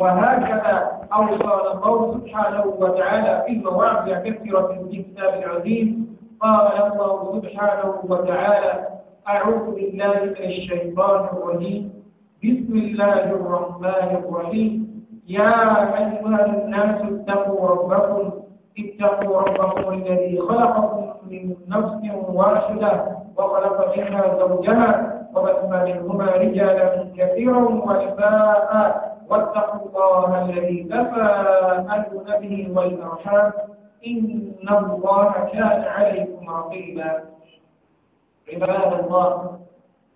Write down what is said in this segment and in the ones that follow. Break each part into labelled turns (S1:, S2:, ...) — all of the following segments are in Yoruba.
S1: وهكذا أوصانا الله سبحانه وتعالى في مواضع كثيرة من الكتاب العظيم قال الله سبحانه وتعالى أعوذ بالله من الشيطان الرجيم بسم الله الرحمن الرحيم يا أيها الناس اتقوا ربكم اتقوا ربكم الذي خلقكم من نفس واحدة وخلق منها زوجها وبث منهما رجالا كثيرا ونساء واتقوا الله الذي تفاءلون به والأرحام إن الله كان عليكم رقيبا عباد الله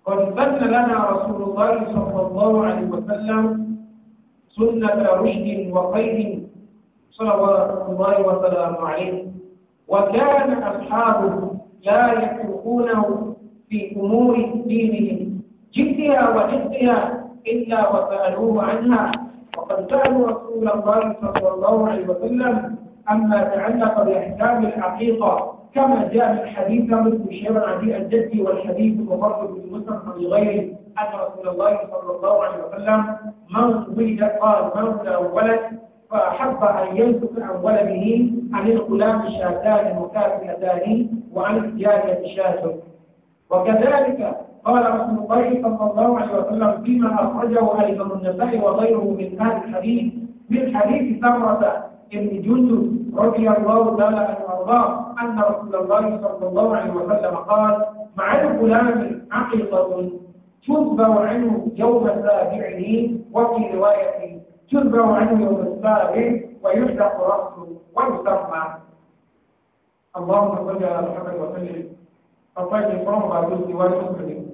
S1: قد بث لنا رسول الله صلى الله عليه وسلم سنة رشد وقيد صلوات الله وسلامه عليه وكان أصحابه لا يتركونه في أمور دينهم جدها وجدها إلا وسألوه عنها وقد سألوا رسول الله صلى الله عليه وسلم أما تعلق بأحكام الحقيقة كما جاء في الحديث مثل الشيخ عدي الجدي والحديث المفرد بالمسلم غيره أن رسول الله صلى الله عليه وسلم من ولد قال من ولد فأحب أن ينفق عن ولده عن الغلام شاتان وكافئتان وعن الجارية شاتان وكذلك قال رسول الله صلى الله عليه وسلم فيما أخرجه الإمام النسائي وغيره من هذا الحديث من حديث ثمرة ابن جندب رضي الله تعالى عنه وارضاه أن رسول الله صلى الله عليه وسلم قال مع الغلام عقيقة تذبع عنه يوم السابع وفي رواية تذبع عنه يوم السابع ويحلق رأسه ويسمى اللهم صل على محمد وسلم فطيب فرما بعد الزواج مسلم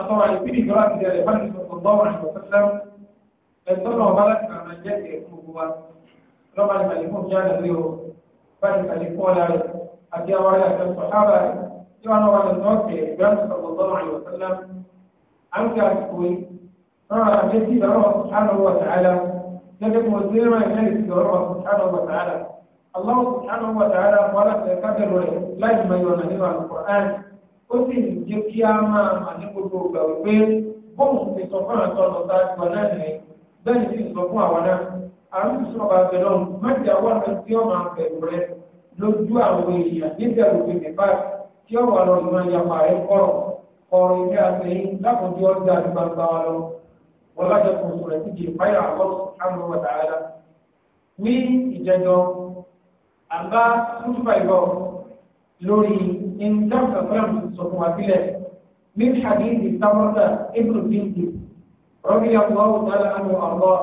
S1: atọ́ra ìpínlẹ̀ ìjọba ti dẹ̀rẹ̀ bá nìkan tó lọ́wọ́ àìsàn fẹ́fẹ́ ẹ̀tọ́ náà bá láti kàn án jẹ́ kẹ̀ fún gbogbo wa lọ́ba ní kàlífọ́ ní àdàlẹ́ o bá ní kàlífọ́ ọ̀la rẹ̀ àti àwọn ará àti ọ̀sán ábà rẹ̀ tí wọn náà wà lọ́sọ̀ ọ̀kẹ́ ìgbàlù tó lọ́wọ́ àìsàn fẹ́fẹ́ à ń kà àsìkò yìí rọra àbẹ́sí ìlọ́rọ̀ Allah subhanahu wa ta'ala wàlá ó sì ń jẹ́ kí a máa mà ní gbogbo ìgbà wípé bóun ti sọ fún àwọn ọ̀nà sáájú wa náà nìyẹn bẹ́ẹ̀ sì ń sọ fún àwa náà àrùn tí wọ́n bá bẹ̀ lọ́hùn mẹ́jọ àwọn àti tí wọ́n máa bẹ̀rù rẹ lójú àwọn èèyàn níbẹ̀ òfin nípa tí wọ́n wà lọ ìmọ̀ ìyàpá rẹ kọ̀rọ̀ kọ̀rọ̀ ilé àtẹ̀yìn lákòójú ọjà àti wa lọ wọ́n lájọ kò sọ̀rọ̀ ìdíje ìpáyà àwọn àmọ́ ìjọba fúlàmù sọ̀rọ̀ wà sílẹ̀ ní hadith ìtawọ́sà ibùdó bíntì rọ́bì yàtọ̀ ọ̀tàlá àmú ọ̀rọ̀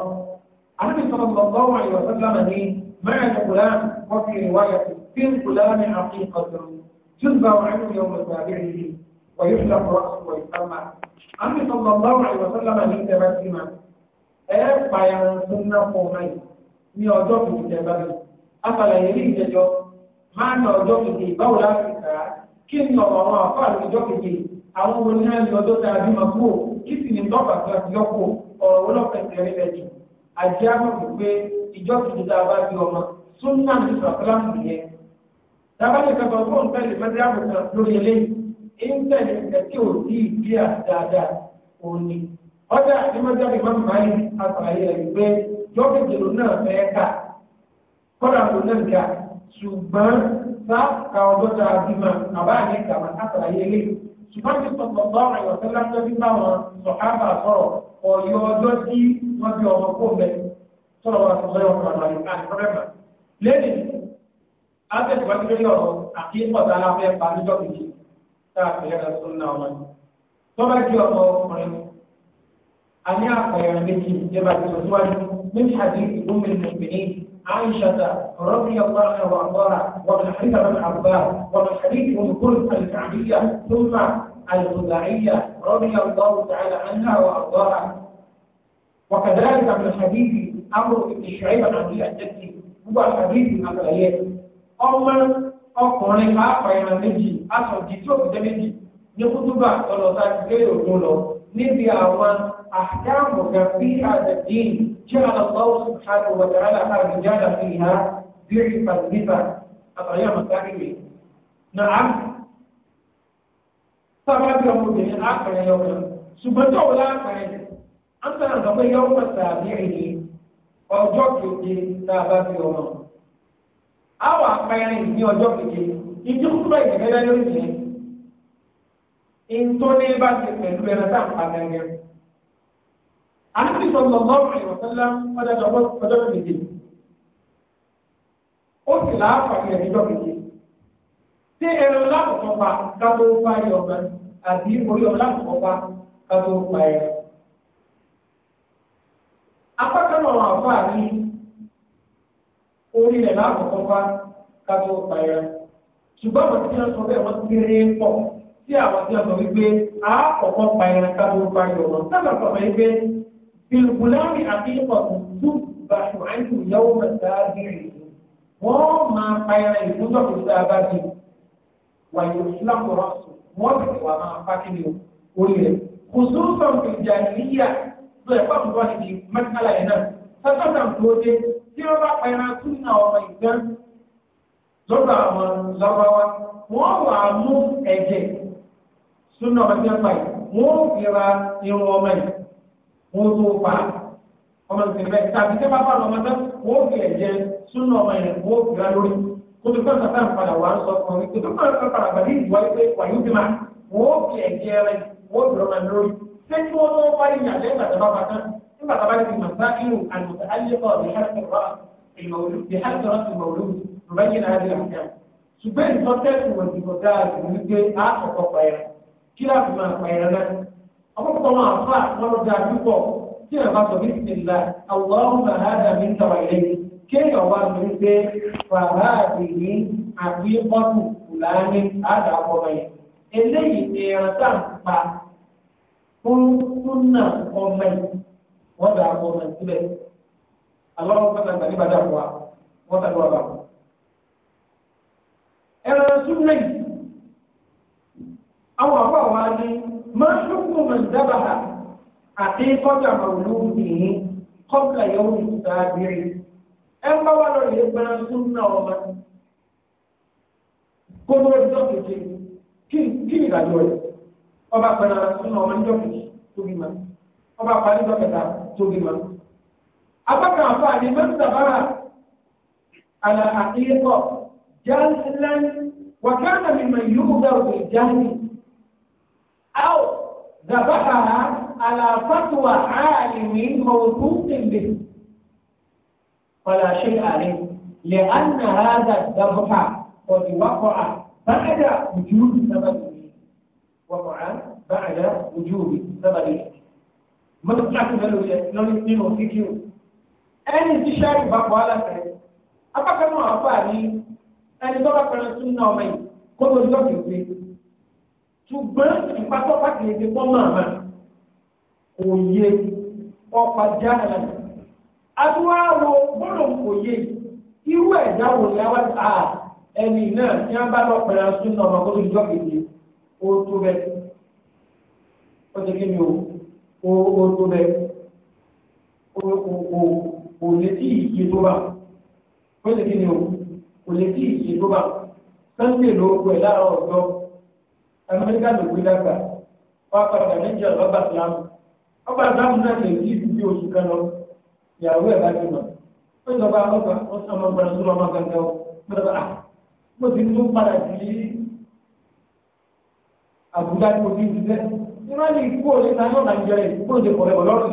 S1: àti sọ̀rọ̀ lọ́gbọ́n wà yọ̀ sọ́lámà ní mẹ́rin kùlá wọ́n fi wáyà fi kùlá ní àkíkọ̀tù jùlọ àwọn yọ̀mù sàbẹ̀rẹ̀ ويحلق رأسه ويسمى àmì sọ̀rọ̀ lọ́wọ́ àìwọ̀sọ́lámà ní ìtẹ̀bá sí ma ẹ pààyàn fún náà fún ọmọ yìí ní ọjọ́ kìí tẹ̀bá mi. afàlàyé ní ìjẹjọ́ máa nà ọjọ́ kejì báwo láti kà á kí n nà ọ̀rọ̀ àwọn àfáà lọ́jọ́ kejì àwọn wo ní àná ọjọ́ tá a bí ma kú kí sì ní tọ́pà tó a ti yọ kú ọ̀rọ̀ wọn lọ́pẹ̀ tẹ̀lé rẹ̀ jù àjẹ́ àgbàgbọ́ pé ìjọ kejì tá a bá bí ọmọ súnmọ́ àti sàkúlámù nìyẹn tábàlì kankan fún tẹ̀lé mẹ́tẹ́rẹ́ àbùkù lórí eléyìí ń tẹ̀lé ẹ̀kí ò sí ìdí àdáadáa òní ọjà àti mẹ́tẹ́rẹ́ ìmọ̀mù báyìí àtàlẹ́ rẹ̀ pé jọ́kẹ̀jẹ̀ lónà fẹ́ẹ́ kà kọ́dà lónà ń kà ṣùgbọ́n sáàkà ọgọ́ta àbímọ àbá àní ìgbàmọ àtàlàyé lé ṣùgbọ́n tí sọ̀tọ̀ lọ́rùn ìwọ̀sẹ̀ lájọ́ bí báwọn sọ̀hábà sọ̀rọ̀ ọ̀yọ́ ọjọ́ tí wọ́n bí ọmọ kó bẹ sọ̀rọ̀ wà sọ̀rọ̀ ọmọ àlàyé àìfọ́rẹ́mà lẹ́yìn àtẹ̀síwájú lórí ọ̀rọ̀ àti ìpọ̀tà aláfẹ́ pa níjọ́ kejì táàfin ẹ̀rọ عائشة رضي الله عنها وأرضاها ومن بن عباس ومن حديث كل الكعبية ثم الخزاعية رضي الله تعالى عنها وأرضاها وكذلك من حديث عمرو بن شعيب العبدي الجدي هو الحديث الأقليات أما ọkùnrin pàápàá ìran méjì aṣọ ìdí tí ó fi jẹ méjì ní kútúbà ọlọ́ta ti gbé òdo lọ gbe أحكامك في هذا الدين جعل الله سبحانه وتعالى الرجال فيها ضعف النساء àtàyà mọ̀tàkìwé na a sábà bí ọmọ obìnrin àkàrẹ yọ kan ṣùgbọ́n tí òun láàkàrẹ an tẹ̀lé àgbàgbé yọ ọmọ sàbí èyí ọjọ́ keje tá a bá fi ọmọ àwọn àpẹẹrẹ ní ọjọ́ keje ìdí kúrò ìdẹ́gbẹ́dá lórí yẹn ìtọ́ni bá ti pẹ̀lú ẹ̀rọ tá a pa gẹ́gẹ́ àti sallallahu alaihi wasallam ọjọ́ ọjọ́ ọjọ́ méje ó sì láàfààní ẹ̀jọ́ méje tí ẹran lákòókò pa kátó pa ẹ̀ ọ̀gá àti orí ọ̀gá lákòókò pa kátó pa ẹ̀. apákan náà àfáà ní orí rẹ̀ lákòókò pa kátó pa ẹ̀ ṣùgbọ́n àwọn tí wọ́n sọ bẹ́ẹ̀ wọ́n kéré pọ̀ sí àwọn tí wọ́n sọ wípé àákọ̀ọ́kọ́ pa ẹran kátó pa ẹ̀ ọ̀gá sábà sọ̀rọ̀ wípé bilgulami àfihàn tó bàtù àìkú yàwó mẹ́ta bìrì wọ́n máa payẹrẹ ìmúdọ̀ tó dáa bá di wàyò fúlàkùrọ̀ wọ́n bẹ̀rẹ̀ wà máa pàkínní orí rẹ̀ kò sóò sọ̀rọ̀ tó ìjà níyà tó ẹ̀fọ́ àbúrò ni di mẹ́tàlá yẹn náà sátọ́tà tó wọn tó pa ọmọ nìkan bẹ́ẹ̀ tàbí tẹ́ bá bá lọ́mọ tán wọ́n fi ẹ̀jẹ̀ súnú ọmọ yẹn wọ́n fi rá lórí kó tó fẹ́ẹ́ sàtàn padà wà ń sọ fún mi kó tó fẹ́ẹ́ sàtàn padà ní ìwà yìí pé wàyí ti máa wọ́n fi ẹ̀jẹ̀ rẹ wọ́n fi rọ́mọ lórí ṣé kí wọ́n tó bá yìí yàtọ̀ ìgbà tó bá bá tán nígbà tó bá ti mọ̀ sá irú àlùkò ayélujára ìhàlùkò rọ̀ ìmọ̀lú ọ̀pọ̀pọ̀ wọn àfa wọn lọ́jà púpọ̀ tí wọn bá sọ bí ti la àwòrán màhádà mi tàwa ilé kéèyàn wá mi pé fàhádì ní àbí ọ̀tún fúlàní àdàpọ̀ mẹ́yìn eléyìí ni ẹran tá à ń pa fún súnà ọmọ yìí wọ́n dà pọ̀ mẹ́yìn síbẹ̀ àlọ́ pátá gbàgbé bàdà fún wa wọ́n tàbí wà bá ẹran súnà àwọn àbá wa ní. ما حكم من ذبح حقيقة مولوده قبل يوم السابع أما ولو يبنى سنة ومن kótó lórí tó kéde kí kí ni ìdájọ́ rẹ ọba pẹ̀lú ọmọ ọmọ níjọ́ kejì tó bí ma ọba pàdé níjọ́ kẹta tó bí ma. abákan àfààní mẹsàbára àlà àkéyékọ jáàlán wàkàtà mi mà yóò gbà òkè jáàlì أو ذبحها على فتوى عالم موثوق به فلا شيء عليه لأن هذا الذبح قد وقع بعد وجود سببه وقع بعد وجود سببه mo tó kíláàsì mélòó yẹ lórí nínú fídíò ẹni tí sáré ìbáfọ aláfẹ apákanú àfààní ẹni tó bá pẹrẹ tún náà mẹyìn kó tó ń tọ́jú pé ṣùgbọ́n ìpapọ̀ pàtàkì pọ́ màmá kò yé ọ̀pá jáàlá adúláwọ̀ gbọ́dọ̀ kò yé irú ẹ̀dá wò ni àwọn a ẹni náà ní a bá lọ pẹ̀lú asún náà ọmọ kótó ìjọ kejì ó tó bẹ ó ti kí ni o ó tó bẹ ó kò lè tí ìyè tó bá ó ti kí ni o kò lè tí ìyè tó bá sànńdé ló pẹ̀ láàárọ̀ ọ̀dọ́ amẹ́ríkà ló gbé dàgbà wọ́n apàdà níjà lọ́gbà sílámù ọgbà sílámù náà lè rí ìlú bí oṣù kan lọ ìyàwó ẹ̀ bá ti mọ̀ ó sọ bá ọgbà ó sọ ọmọ gbọ́dọ̀ sọ ọmọ gangan ó gbọ́dọ̀ bá ah, mo ti tún padà sí àbújá tí mo ti ń ṣiṣẹ́ ìmọ̀ ní ikú òní ta yóò nàìjíríà ìkú òní kọ̀ọ̀rẹ́ bọ̀ lọ́rùn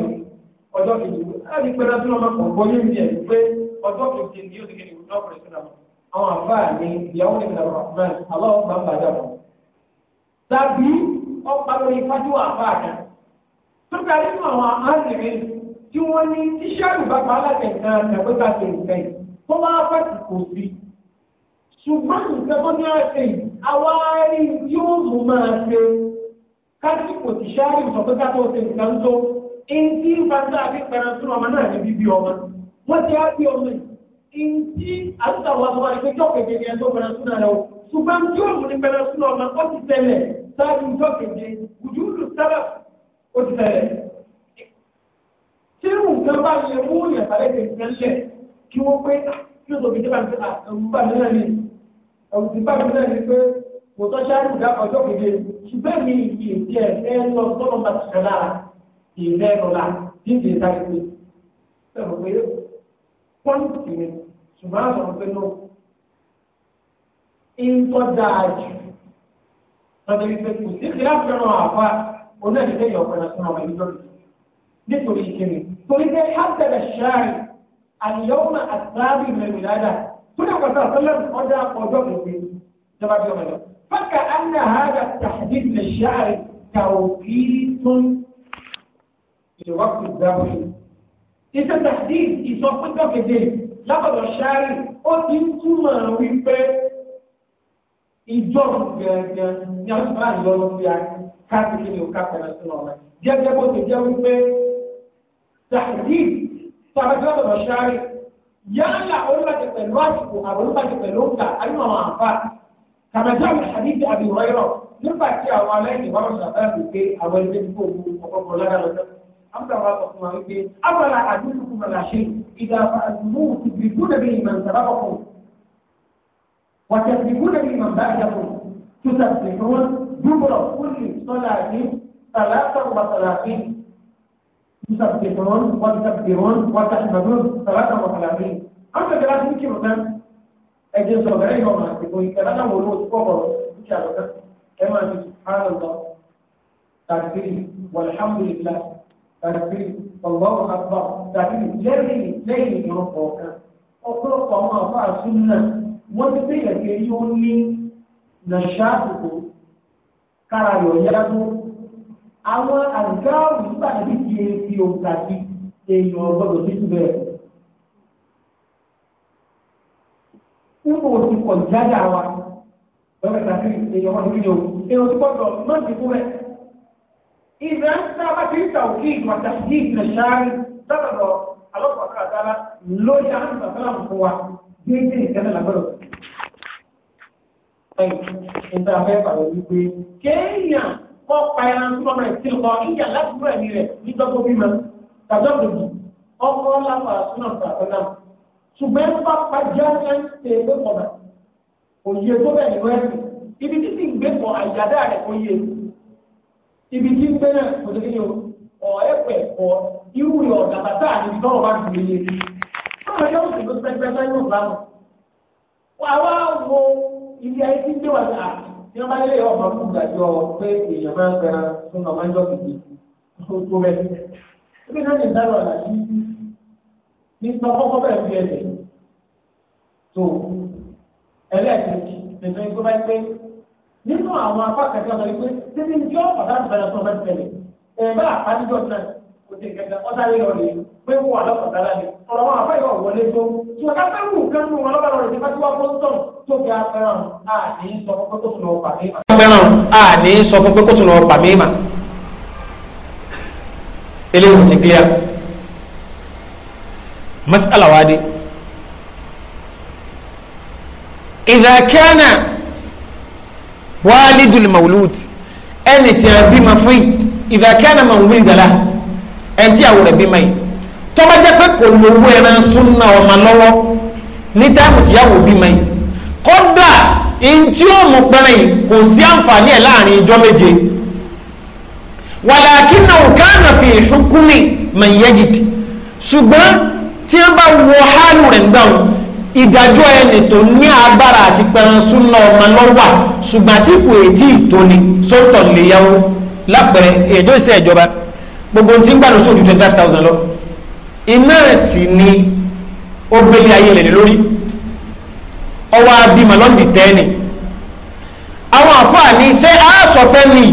S1: kejì láti pẹ́ lọ́sùn ọmọ kan bọ́ yé mi ẹ̀ pé ọjọ́ kejì ni yóò ti kéde ìwúlọ́kùnrin sínú àwọn àfáà ní ìyàwó ní tàbí ọ̀pá lórí fájúwà àbáàdá. tó ta nínú àwọn àárẹ̀ tí wọ́n ní tíṣẹ́rù bàbá alájẹ̀ kan àtàgbéta ṣe nǹkan yìí tó máa fẹ́ẹ̀sì kò sí. ṣùgbọ́n nǹkan tó ní àṣẹ yìí àwa rí yóò mú máa ṣe kásìkò tíṣẹ́rù ìsọ̀tọ́ta tó ṣe nǹkan tó èyí tí fanta àti pẹ̀rẹ̀ sún ọmọ náà ní bíbí ọmọ wọ́n ti á bí ọmọ yìí ntí àtúntà wà sáájú ìjọ kejì wùdúùdù sábà ó ti tẹ̀lé. tí nǹkan bá yẹ mú ìyàtàlẹ́ kejì náà lẹ̀ kí wọ́n pé ah, kí o tóbi débà ní àtẹ̀wùbá mi náà ni àwùjọba mi náà ni pé kò tọ́ sáájú ìdá ọjọ́ kejì ṣùgbọ́n mi yìí díẹ̀ ẹ lọ sọ́nà bá ti kàn lára ìrẹ́ lọ́la dídì ìdájọ́ pé sọ̀rọ̀ pé pọ́ǹtì ni ṣùgbọ́n àtọ̀ pé náà ń tọ́ dáa jù lọ́dọ̀ wípé kò sí ìlà fẹ́ràn àfa onídàájọ́ yọ̀ ọ̀pẹ̀rẹ̀ fún ọmọ ìjọ nítorí ìkíni torí pé hásẹ̀lẹ̀ ṣáàrì àníyọ́mọ àtàbí mẹ́rin dáadáa tó ní àpàtà àtọ́lẹ̀ ọjà ọjọ́ kòkè jọba bí ọmọ yọ. fákà anna hàdà tàbí lè ṣáàrì kàwòkì tún ìwákù dáwọ̀ iṣẹ́ tàbí ìsọfúnjọ́ lábọ̀dọ̀ ṣáàrì ó ti túmọ̀ wípé ìjọ gẹ́gẹ́ ní àwọn ìgbà yọ ló fi káàkiri ní òkà pẹ̀lú sínú ọmọ gẹ́gẹ́ bó ti jẹ́ wípé tàbí tàbí ọ̀dọ̀ ṣáré yálà olùbàjẹ pẹ̀lú àsìkò àwọn olùbàjẹ pẹ̀lú òǹkà àyùn àwọn àǹfà kàmájọ́ àwọn àdìsí àbí ìrọ̀rọ̀ nígbà tí àwọn aláìní bá wọn sàbẹ̀ wípé àwọn ẹgbẹ́ tí kò wú ọ̀pọ̀pọ̀ lára lọ́jọ́ àbúrò àwọn ọkùnrin wípé abala àdúgbò kùmọ̀lá ṣe ìdàpọ̀ àdúgbò ìdúró وتسبحون من بعدكم تسبحون دبر كل صلاة ثلاثة وثلاثين تسبحون وتكبرون وتحمدون ثلاثة وثلاثين أما جلالة مكي مكان أجلس صغيرين وما أكتبون كذا ولود كبر إن شاء الله كما سبحان الله تكبير والحمد لله تكبير والله أكبر تكبير جري ليل يوم فوقا وكل قوما فأسنة wọ́n ti bẹ́ẹ̀ pé yóò ní nàṣàkùkù kára yọ̀ yágún àwọn àgáàrù nígbà tí kì í fi òǹkà sí èèyàn gbọdọ̀ sí bẹ́ẹ̀. Níbo ti pọ̀ jáde àwa lọ́wọ́ ìtàkì èèyàn wọn níbi yòó èèyàn ti gbọdọ̀ má ti kú rẹ̀. Ìgbà tí a bá ti ń ta òkè ìgbà tàbí ìgbà ṣáárí lọ́dọ̀dọ̀ alọ́pàá kàdára lórí àwọn ìgbà tó fún wa déédéé ìkẹ́lẹ́ làgbọ́dọ̀ nígbà fẹ́ fàlọ́ wípé kéèyàn kọ́ pa ẹran tó lọ́mọ ẹ̀sìn lọ ìyá láti rẹ̀ ní rẹ̀ nígbà tó bí ma tàbí ọ̀dọ̀dù ọkọ̀ lápá súnà tàbí ṣùgbọ́n bá pàjá ẹ̀ ń ṣe é gbẹ́kọ̀ọ́nà òye tó bẹ̀ ní wẹ́ẹ̀sì ibi tí sì ń gbẹ́kọ̀ọ́ àyàdá rẹ̀ òye ibi tí ń gbẹ́ náà kò tó kéde ọ̀ ẹ̀pẹ̀ ọ̀ irú rẹ̀ ọ̀dà bàtà níbi tọ́rọ̀ bá dùn níye. Báwo ni ó sì ilé ayé tí ń gbé wà ní àti tí wọ́n bá lé ọmọ ọdún ìgbàjọ pé èèyàn máa ń pẹran fún ọmọ ẹjọ́ kìkì tó bẹ́ẹ̀. ebi náà ní ìdáná ọ̀la sí ní sọ kọ́kọ́ bẹ́ẹ̀ fi ẹ̀sẹ̀ tó ẹlẹ́ẹ̀kejì nìkan ikú bá pé nínú àwọn apá kẹta ọ̀la yìí pé tẹ́lẹ̀ ní ọ̀pọ̀ láti bẹ̀rẹ̀ fún ọmọ ẹ̀sẹ̀ kò sí ìkẹta ọ̀tá yìí lọ rèé pé wọ́n wà lọ́kàn dára ni ọ̀rọ̀ wọn àfẹ́ yóò wọlé tó tí wọ́n káfẹ́ wù kán nù wọn lọ́kàn lọ́rọ̀ ìjọba tí wọ́n kó tọ̀ tó fi afẹ́ràn àní sọ fún pé kó tún lọ pàmí mà. afẹ́ràn
S2: àní sọ fún pé kó tún lọ pàmí mà. eléyìí ti clear masala wa de idha ẹni tí àwọn rẹ̀ bí mọ́ yìí tọ́ba jẹ́ pé kò lówó ẹran súnà ọmọ lọ́wọ́ ní táàmù tíyàwó bí mọ́ yìí kódà ntí ó mú pẹ́rẹ́ yìí kò sí àǹfààní ẹ̀ láàrin ijọ́ méje wàlàkì náà kánà fi hukumi man yajid ṣùgbọ́n tí wọ́n bá wọ hálù rẹ̀ ń gbàùn ìdájọ́ ẹni tó ní agbára àti pẹran súnà ọmọ lọ́wọ́ ṣùgbọ́n àsìkò ètí ìtòní sótọ̀ lè yàwó èdè ìṣèjọba. So gbogbo tí ń gbàdúrà sóòdù twenty five thousand lọ iná sì ni ó gbélé ayé lẹ̀ lórí ọwọ́ abimọ̀ lọ́ndì tẹ́ni àwọn àfààní iṣẹ́ àásọ̀fẹ́ ni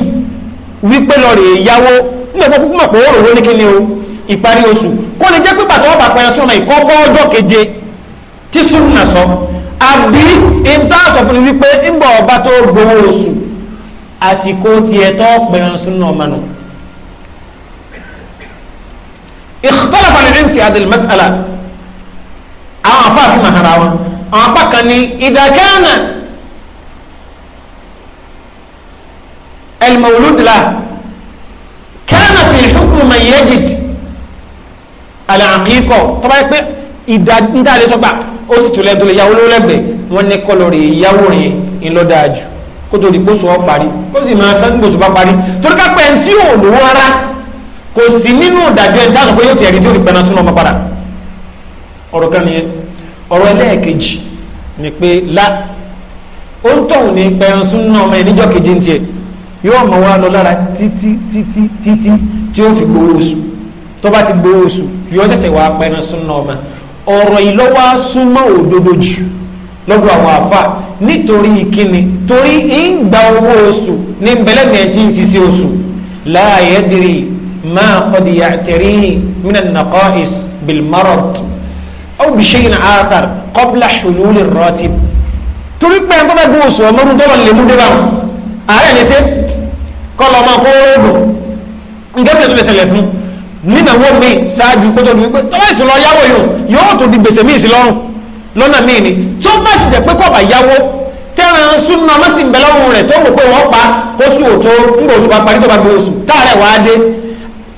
S2: wípé lọ́ọ̀rì ìyàwó nígbà púpọ̀ mọ̀ pé ó rò wó ní kíni o ìparí oṣù kó lè jẹ́ pé pàtó ọba pẹ̀lú sọ́nà ìkọ́ bọ́ọ̀dọ̀ keje tí súnmù sọ àbí ìtaàsọ̀ fún mi wípé ń bọ̀ ọba tó gbowó oṣù àsìkò tiẹ̀ tó pẹ̀lú súnmù ọmọ náà ikhtalafa al-'ilm fi hadhihi al-mas'ala àwọn apá àfi màhara wọn àwọn apá kan ní idha kana al-mawlud lahu kana fi hukmi man yajid al-'aqiqa tọ́ba yẹ pé ìdá níta lè sọ pé ó sì tún lẹ́tọ́ lè yáwó ló lẹ́gbẹ̀ẹ́ wọ́n ní kọlọ̀rì ìyáwó rìn ńlọ́dáàjù kó tó di gbósùn ọ̀ parí ó sì máa sán gbósùn bá parí torí ká pẹ́ tí ò lówó rárá kò sí nínú ìdájọ́ ẹni táwọn pé yóò ti ẹ̀rí tí ó rí pẹ́ná súnmọ́ ọmọ padà ọ̀rọ̀ kan nìyẹn ọ̀rọ̀ ẹlẹ́ẹ̀kejì ni pé la ó ń tọ̀hún ní pẹ́ran súnmọ́ ọmọ ẹ̀ níjọ́ kejì ń tiẹ̀ yóò mọ̀ wá lọ lára títí títí títí tí ó fi gbowó oṣù tó bá ti gbowó oṣù yóò ṣẹ̀ṣẹ̀ wá pẹ́ran súnmọ́ ọmọ ọ̀rọ̀ ìlọ́wọ́ súnmọ́ òdodo jù lọ́dọ̀ àwọn àfa nítorí kíni torí ń gba owó oṣù ní bẹ́lẹ́mìí tí ń ṣiṣẹ́ oṣù láàyè dìrì ما قد يعتريه من النقائص بالمرض أو بشيء آخر قبل حلول الراتب torí pé ẹni tó bá gbóòsù ọmọdú tó lọ lè mú dé báwọn ààrẹ lè ṣe kọ́ lọ máa kó oògùn nǹkan tó lè ṣẹlẹ̀ fún nínàwó mi ṣáájú kó tó di wípé tó bá sì lọ yáwó yòó yóò tó di gbèsè míì sí lọ́rùn lọ́nà míì ni tó bá sì jẹ́ pé kọ́ bá yáwó tẹ́ran súnmọ́ ọmọ sì ń bẹ lọ́rùn rẹ̀ tó wò pé wọ́n pa oṣù òtó ń gbòòsù bá parí tó bá gbòòsù táàrẹ̀ wàá dé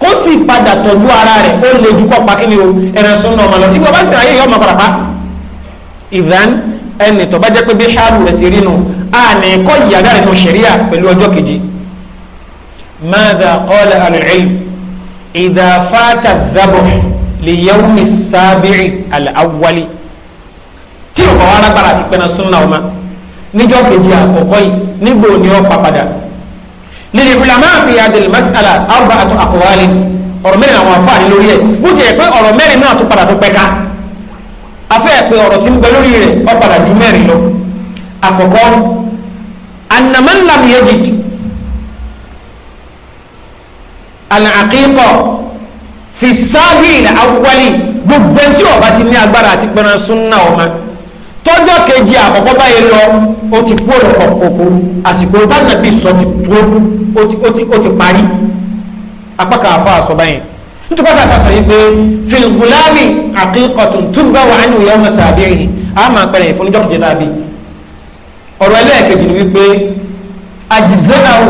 S2: ó sì padà tọ́jú ara rẹ̀ ó lè ju kọ́ pakílẹ̀ o ẹran sún náà ma lọ ibà bá sì ráyè yọ̀ọ́ ma padà pa ìdán ẹnì tó bá jẹ́ pé bí ṣáàlù rẹ̀ sì rí nu àní kọ́ ìyàgá rẹ̀ nu ṣẹ̀ríà pẹ̀lú ọjọ́ kejì ماذا قال العلم إذا فات الذبح ليوم السابع الأول tí o bá wà lágbára àti pẹ́ẹ́nà súnmọ́ ọmọ níjọ́ kejì àkọ́kọ́ yìí níbo ni ó lílì ìfìlàmà fi adìl masala arba àti àkọwálé ọ̀rọ̀ mẹ́rin àwọn afáàrí lórí ẹ̀ bó jẹ́ pé ọ̀rọ̀ mẹ́rin náà tó padà tó pẹ́ka afẹ́ pé ọ̀rọ̀ tí ń bẹ lórí rẹ̀ ó padà ju mẹ́rin lọ àkọ́kọ́ anamọ́nlami yejid alàkíkọ̀ fi sáàbì ìlà gbogbo ẹni tí ti ní agbára àti pẹran súnà ọmọ tọ́jọ́ kejì àkọ́kọ́ báyìí lọ ó ti kú ọ̀rọ̀ kọ̀ọ̀kọ̀ àsìkò tánàbí sọ ti tó ó ti parí apákan àfọ àsọ báyìí nítorí pàṣẹ àṣàṣọ yìí pé fìlgùlámì àkíkọ̀tún túbà wà nínú ìyá ọmọ sàbí ẹ̀yìn a máa pẹ̀lẹ̀ fún kejì tàbí ọ̀rọ̀ ẹlẹ́ẹ̀kejì ni wípé àjìzẹ́nàwó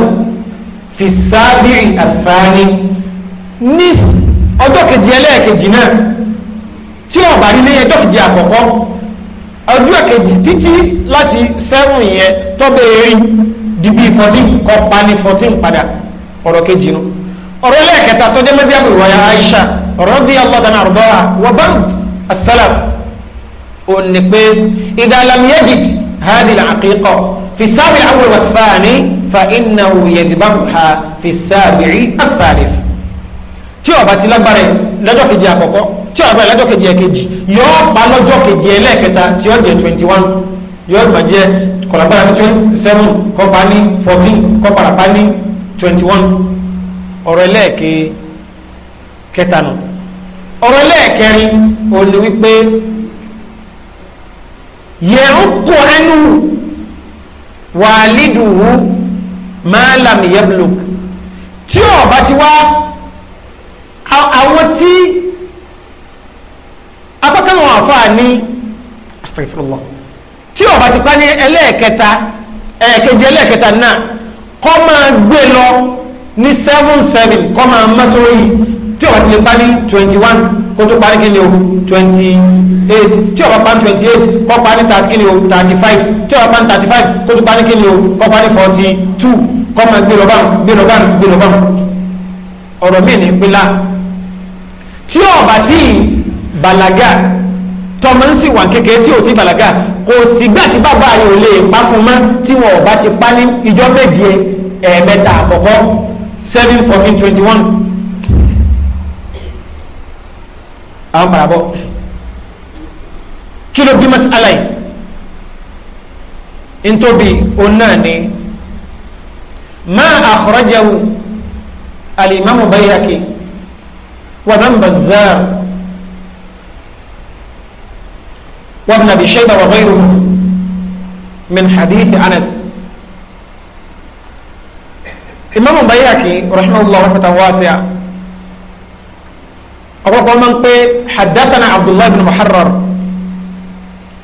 S2: fi sábì àfáàní ní ọjọ́ kejì ẹlẹ́ẹ̀kejì náà tí ọ̀bà nílé ẹjọ́ kejì àkọ́kọ́ ọdún ẹ̀kejì títí láti seven yẹn tọ́bẹ̀ eré di bíi fourteen kọ́ pa ní fourteen padà ọ̀rọ̀ kejì nu ọ̀rọ̀ ẹlẹ́ẹ̀kẹta tọ́jú mẹ́tíyàbù ìwáyà Aisha radiyallahu anha àrùbọ́ra wọ́n bá as-salaf òní pé idha lam yajid hadhihi al-aqiqa fi as-sabi' al-awwal wath-thani fa innahu fi as-sabi' ath tí ó ti lágbára lọ́jọ́ kejì àkọ́kọ́ tí ó àgbà lọ́jọ́ kejì ẹ̀kejì yóò pa lọ́jọ́ kejì ẹlẹ́ẹ̀kẹta tí ó twenty one yóò gbà jẹ́ kọ̀lágbára ní twenty seven kọ́pa ní fourteen kọ́parapa ní twenty one ọ̀rọ̀ ẹlẹ́ẹ̀kẹ kẹta nù ọ̀rọ̀ ẹlẹ́ẹ̀kẹrin ó ní wípé yẹ̀rù kú ẹnu wàlídùú máàlámì yẹ́bùlùk tí ó bá ti wá àwọn tí apákanwọn àfáà ní astagfirullah tí ọba ti pa ní ẹlẹ́ẹ̀kẹta ẹ̀ẹ̀kejì ẹlẹ́ẹ̀kẹta náà kọ́ máa gbé lọ ní seven seven kọ́ máa mọ́sọ́rọ́ yìí tí ọba ti lè pa ní twenty one kó tó pa ní kí ni o twenty eight tí ọba pa ní twenty eight kọ́ pa ní thirty kí ni o thirty five tí ọba pa ní thirty five kó tó pa ní kí ni o kọ́ pa ní forty two kọ́ máa gbé lọ báwọn gbé lọ báwọn gbé lọ báwọn ọ̀rọ̀ mi ní pínlá tí ọba tí balaga tọmọ ń sì wà kékeré tí ò ti bàlágà kò sígbà tí bàbá rẹ̀ ò lè pa fún mọ́ tí wọn ò bá ti pa ní ìjọ méje ẹ̀ẹ̀mẹ́ta àkọ́kọ́ seven fourteen twenty one àwọn parabọ́ kí ló bí masala yìí ntóbi òun náà ni máa akhrajahu alimamu bayhaqi wa man bazzar. وابن أبي شيبة وغيره من حديث أنس Imam Bayhaqi رحمه الله رحمه واسعه من قي حدثنا عبد الله بن محرر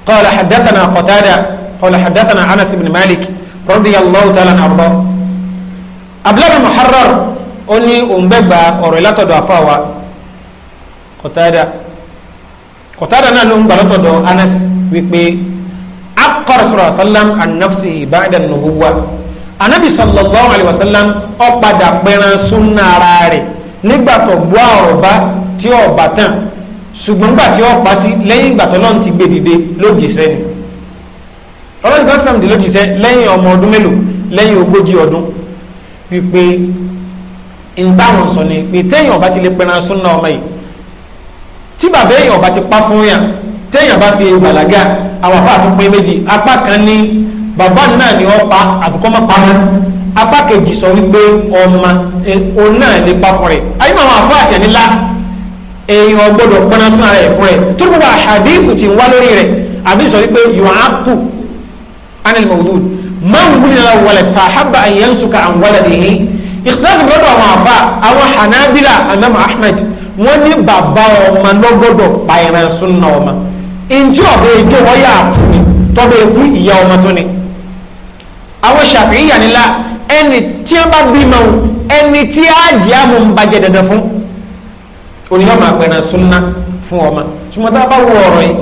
S2: قال حدثنا قتادة قال حدثنا أنس بن مالك رضي الله تعالى عنه عبد أبلا بن محرر أني أمببا أوريلاتو دافاوا قتادة kọtada náà ló ń gbàlọtọ dọ anas wípé akọrọ sọrọ asalam anafsi ibada nubuwa anabi sallallahu alayhi wa sallam ó padà pẹran sunna ara rẹ̀ nígbà tó bu àròbá tí ó bá tán ṣùgbọ́n gbà tí ó pa sí lẹ́yìn ìgbà tó lọ́n ti gbé dìde lójíṣẹ́ ni ọlọ́run kan sàmìdì lójíṣẹ́ lẹ́yìn ọmọ ọdún mélòó lẹ́yìn ogójì ọdún wípé ìtàn sọ ni ti lè pẹran sunna ọmọ yìí tí bàbá èèyàn bá ti pa fún yàn téèyàn bá fi bàlágà àwọn àfa àfi pé méjì apá kan ní bàbá náà ni wọ́n pa àbíkọ́ má pa mọ́ apá kejì sọ wípé ọmọ òun náà lè pa fún rẹ̀ ayé màwọn àfa àtẹnilá èèyàn gbọ́dọ̀ pọnà fún ara ẹ̀ fún rẹ̀ tó gbogbo àhàdífù ti ń wá lórí rẹ̀ àbí sọ wípé yòó á kù anil mawdud man wulila walad fa habba an yansuka an waladihi ikhtilaf gbọ́dọ̀ àwọn àbá àwọn hanabila anam ahmed wọ́n ní bàbá ọmọ lọ́gbọ́dọ̀ pa ẹran súnà ọmọ ìjọ ọ̀bẹ ìjọ wọ́yà àpùnì tọ́bẹ̀ ikú ìyá ọmọ tó ni àwọn ṣàfihàn nílá ẹni tí wọ́n bá bímọ ẹni tí á jẹ́ àmú ń bàjẹ́ dandan fún oníyàn máa pẹ̀rẹ̀ súnà fún ọmọ ṣùgbọ́n bá wọ ọ̀rọ̀ yìí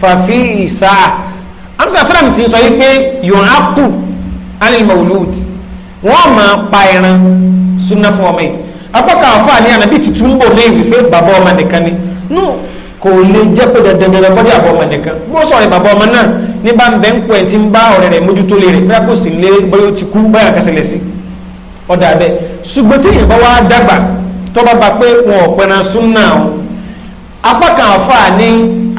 S2: fàfi ìsà amsa fúlàm ti sọ yìí pé yòó ápù alẹ́ ìmọ̀ wòlúùtì wọ́n máa pa ẹran súnà fún ọmọ yìí apáka àfa ni ànábì tuntun bò ní ìwé pé bàbá ọmọ nìkan ni nù kò lè jẹ́ pé dandandandan bọ́dí àbọ̀ ọmọ nìkan bó sọ̀rọ̀ ẹ̀ bàbá ọmọ náà ní bá ń bẹ́ ń pọ̀ ẹ̀ tí ń bá ọ̀rẹ́ rẹ̀ mójútó lé rẹ̀ bóyá kò sì lé bóyá ó ti kú bóyá kẹsẹ̀lẹ̀ sí ọ̀dà abẹ́ ṣùgbọ́n tí ìyẹn bá wá dàgbà tó bá gba pé wọn ò pẹran súnà o apáka àfa ni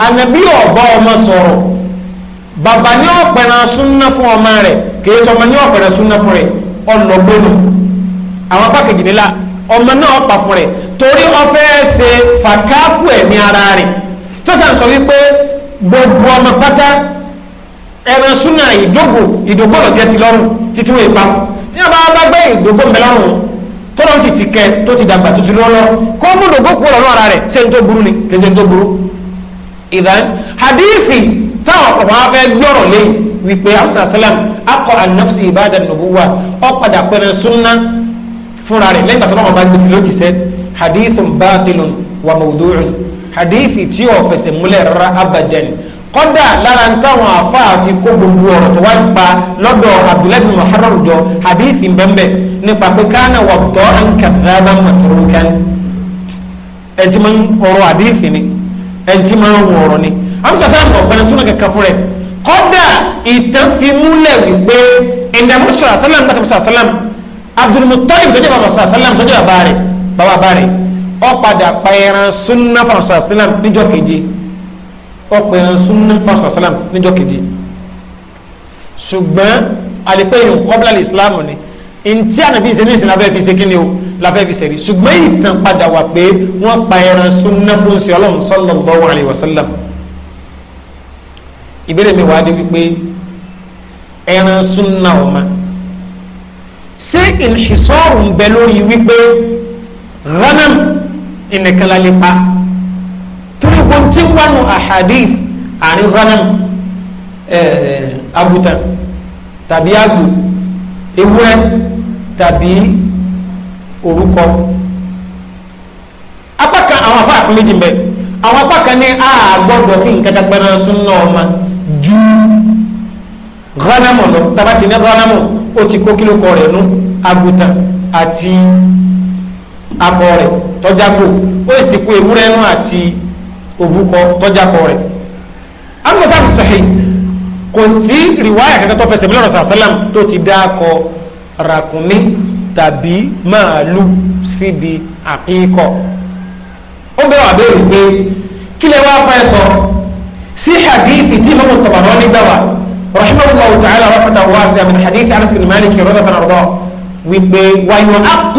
S2: ànábì ọ̀bọ ọmọ sọ̀rọ̀ bàbá ní ọ̀pẹran súnà fún ọmọ rẹ̀ kì í sọ ọmọ ní ọ̀pẹran súnà fún rẹ̀ ọlọ́gbọ́nù àwọn apákejì nílá ọmọ náà pa fún rẹ̀ torí ọfẹ́ ṣe fàkáàkù ẹ̀mí ara rẹ̀ tó sàn sọ wípé gbogbo ọmọ pátá ẹran súnà ìdógò ìdógò lọ jẹ́ sí lọ́rùn títí wọ́n ipa tí wọ́n bá bá gbé ìdógò ń bẹ lọ́rùn tó lọ́n sì ti kẹ tó ti dàgbà tó ti lọ́lọ́ kó mú ìdógò kúrò lọ́rùn ara rẹ̀ ṣé n tó burú ni kì n tó burú ìdán hadithi táwọn ọ̀pọ̀ wọn fẹ́ gbọ́rọ̀ lé wípé absalom akọ anafsi ibadan nubuwa ọ̀padà pẹ̀rẹ̀ súnà fúnra rẹ̀ lẹ́yìn tọ́lọ́ wọn bá gbé lójì sẹ́ hadithun batilun wa mawdu'un hadithi tí ò fẹsẹ̀ múlẹ̀ rárá abadan kọ́dà lára ń táwọn àfáàfin kó gbogbo ọ̀rọ̀ tó wá ń pa lọ́dọ̀ abdullahi muharram jọ hadithi bẹ́ẹ̀ nípa pé kánà wà tọ́ an kadhaban matrukan ẹ̀ tí mo ń ọ̀rọ̀ hadithi ni ẹ̀ tí mo ń wọ̀rọ̀ ni amsasa ọgbẹni tún kẹkẹ fún rẹ kódà ìtàn fi múlẹ̀ wípé ẹnìdàmúṣọ àsálàm bàtàmúṣọ àsálàm Abdul Muttalib tó jẹ́ bàbá sàlám tó jẹ́ bàbá rẹ̀ bàbá bá rẹ̀ ó padà pẹ̀rẹ̀ sunna fàṣà sàlám níjọ́ keje ó pẹ̀rẹ̀ sunna fàṣà sàlám níjọ́ keje ṣùgbọ́n àlepẹ́yìn kọ́bílà islam ni ntí ànàbí ìṣe ní ìsìn lábẹ́ fi ṣe kí ni o lábẹ́ fi ṣe rí ṣùgbọ́n ìtàn padà wà pé wọ́n pa ẹran fún ṣe ọlọ́run sallallahu alaihi wasallam ìbéèrè mi wàá dé wípé ẹran sunna ọ̀ma ṣé ìlṣìṣọ́rù ń bẹ lórí wípé ghanam ìnìkanlá lè pa torí wọn ti ń wánu ahadith àárín ghanam àgùtàn tàbí àgbò ewúrẹ́ tàbí orúkọ apá kan àwọn apá àpò ń bẹ àwọn apá ní a gbọ́dọ̀ fi nǹkan kan gbẹran sún náà ma ju
S1: ghanamu lọ tabati ní
S2: ghanamu ó ti kó kílókọ rẹ̀ nú àgùntàn àti akọ rẹ̀ tọ́jàpò ó sì ti kó ewúrẹ́ nú àti òbúkọ tọ́jàpọ rẹ̀ amúsàmù sahih kò sí rìwáyà kankan tó fẹsẹ̀ mílíọ̀nù sàlám tó ti dá akọ ràkúnmí tàbí màálù síbi àkíkọ ó bẹ̀rẹ̀ wà bẹ́ẹ̀ wípé kí lè wá fẹ́ sọ sí hadith tí mọ́mọ́ tọ̀bàrọ̀ nígbà wà رحمه الله تعالى رفعة واسعة من حديث أنس بن مالك رضي الله عنه ويحق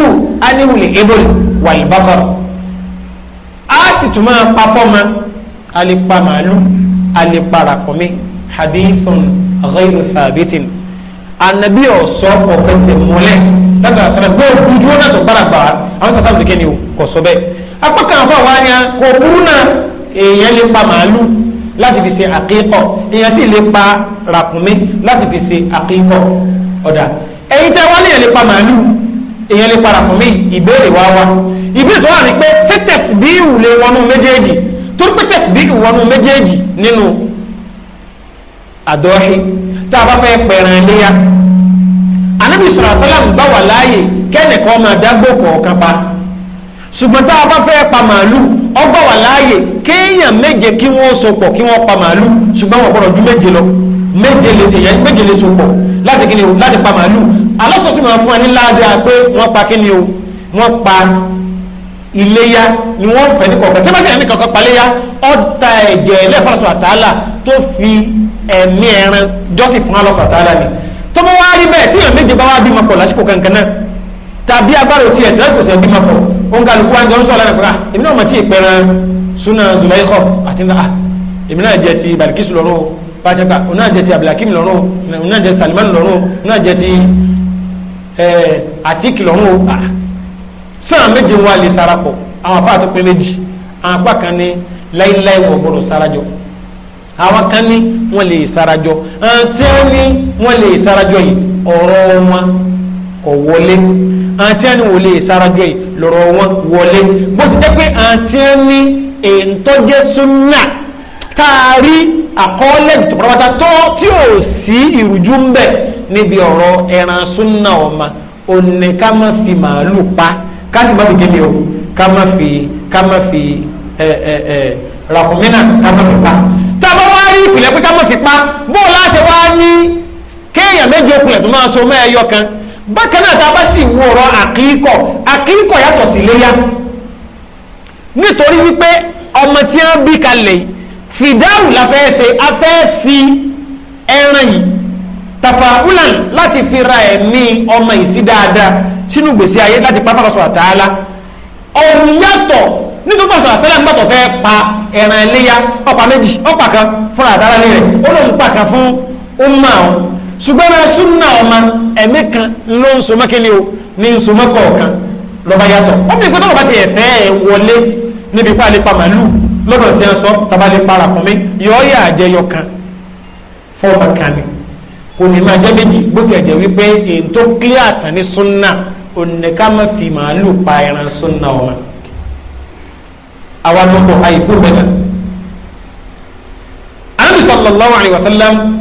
S2: أنه الإبل والبقر أستما قفما ألقى بمالو ألقى براكمي حديث غير ثابت النبي صلى الله عليه وسلم lásìkò àṣàlẹ gbọ́dọ̀ dúdú ó náà tó gbára gbà á àwọn sàṣàlù ti kẹ́ni o kò sọ láti fi ṣe àkíkọ̀ èèyàn sì lè pa ràkúnmí láti fi ṣe àkíkọ̀ ọ̀dà ẹ̀yin tẹ́ wálé yẹn lè pa màálù èèyàn lè pa ràkúnmí ìbéèrè wá wá ìbéèrè tó wà ní pé ṣé tẹ̀síbíù lè wọnú méjèèjì torí pé tẹ̀síbíù wọnú méjèèjì nínú àdọ́hí tá a bá fẹ́ pẹ̀rẹ̀ léyà anábì sọ̀rọ̀ sálàmù bá wà láàyè kẹ́nìkan máa dágbò kọ̀ọ̀kan pa ṣùgbọ́n tá a bá fẹ́ pa màálù ọgbà wà láàyè kéèyàn méje kí wọ́n sopọ̀ kí wọ́n pa màálù ṣùgbọ́n wọ́n gbọ́dọ̀ ju méje lọ méje lè èyàn méje lè sopọ̀ láti kí ni o láti pa màálù alásọ̀tún máa fún wa ní ládàá pé wọ́n pa kí ni o wọ́n pa iléyá ni wọ́n fẹ́ ní kọ̀ọ̀kan tí wọ́n sì ní kọ̀ọ̀kan paléyá ọ̀tá ẹ̀jẹ̀ ẹlẹ́fọ̀ọ́sọ̀ àtàlà tó fi ẹ̀mí ẹran jọ́sìn fún alọ́sọ̀ àtàlà ni tó bá wá rí bẹ́ẹ̀ tí èèyàn méje bá wá bímọ pọ̀ lásìkò kankan náà tàbí agbára òtí ẹ̀sìn láti pèsè ẹbímọ pọ̀ òun kálukú wa ń jọ ń sọ̀rọ̀ nípa ah, èmi náà mà tí ì pẹran súnà zulaikọ àti náà ah, èmi náà jẹ ti balikisu lọ́rùn o pàtẹ́pà òun náà jẹ ti abdulhakeem lọ́rùn o òun náà jẹ salimani lọ́rùn o òun náà jẹ ti àtíkì lọ́rùn o ah, sàn méje wa lè sarapọ̀ àwọn afá pé méjì àwọn apá kan ní láíláí wọ̀ gbọ́dọ̀ sarajọ àwọn kan ní wọ́n lè sarajọ àwọn tí wọ́n ní wọ́n lè sarajọ yìí ọ̀rọ̀ wọn kò wọlé àti ẹni wò lè sarajọ yìí lọ́rọ̀ wọn wọlé bó ti jẹ́ pé àti ẹni èntọ́jẹ́ súnà taari àkọọ́lẹ̀ tọpọtọpọta tó tí ò sí ìrújú ń bẹ níbi ọ̀rọ̀ ẹran súnà ọ̀ma òní ká má fi màálù pa ká sì má fi kéde o ká má fi ká má fi ẹ ẹ ẹ ràkúnmínà ká má fi pa tábà wá rí ìpìlẹ̀ pé ká má fi pa bó o láṣẹ wá ní kéèyàn méje okùnlẹ̀ tó máa so mọ́ kan bákan náà tá a bá sì wo ọ̀rọ̀ àkíkọ̀ àkíkọ̀ yàtọ̀ sí léyà nítorí wípé ọmọ tí wọ́n bí kalẹ̀ fìdáhù la fẹ́ ṣe a fẹ́ fi ẹran yìí tafàhùlàn láti fi ra ẹ̀mí ọmọ yìí sí dáadáa sínú gbèsè ayé láti pátá lọ́sọ̀rọ̀ àtàlá ọ̀hún yàtọ̀ nítorí pàṣẹ àṣẹlẹ̀ ń bàtọ̀ fẹ́ pa ẹran ẹlẹ́yà ọ̀pá méjì ọ̀pá kan fúnra àtàlá lẹ́rẹ̀ ó lóun pàkà fún ó máa ṣùgbọ́n ẹ súnà ọmọ ẹ̀mí kan ló ń so mọ́kẹ́lẹ́ o ní ń so mọ́kọ̀ ọ̀kan lọ́ba yàtọ̀ ó mi gbọ́dọ̀ bá ti ẹ̀fẹ́ ẹ̀ wọlé níbi pa àlepa màálù lọ́dọ̀ tí a sọ tàbá lè para kàn mí yọ ọ́ yà jẹ́ yọ kan fọ́ọ̀mù kan ni kò ní máa jẹ́ méjì bó ti ẹ̀jẹ̀ wípé èyí tó kílíà tán ní súnà ònìkà má fi màálù pa ẹran súnà ọmọ àwa tó kọ àyíkú bẹ́ẹ̀ náà. Ànábì sallallahu alaihi wasallam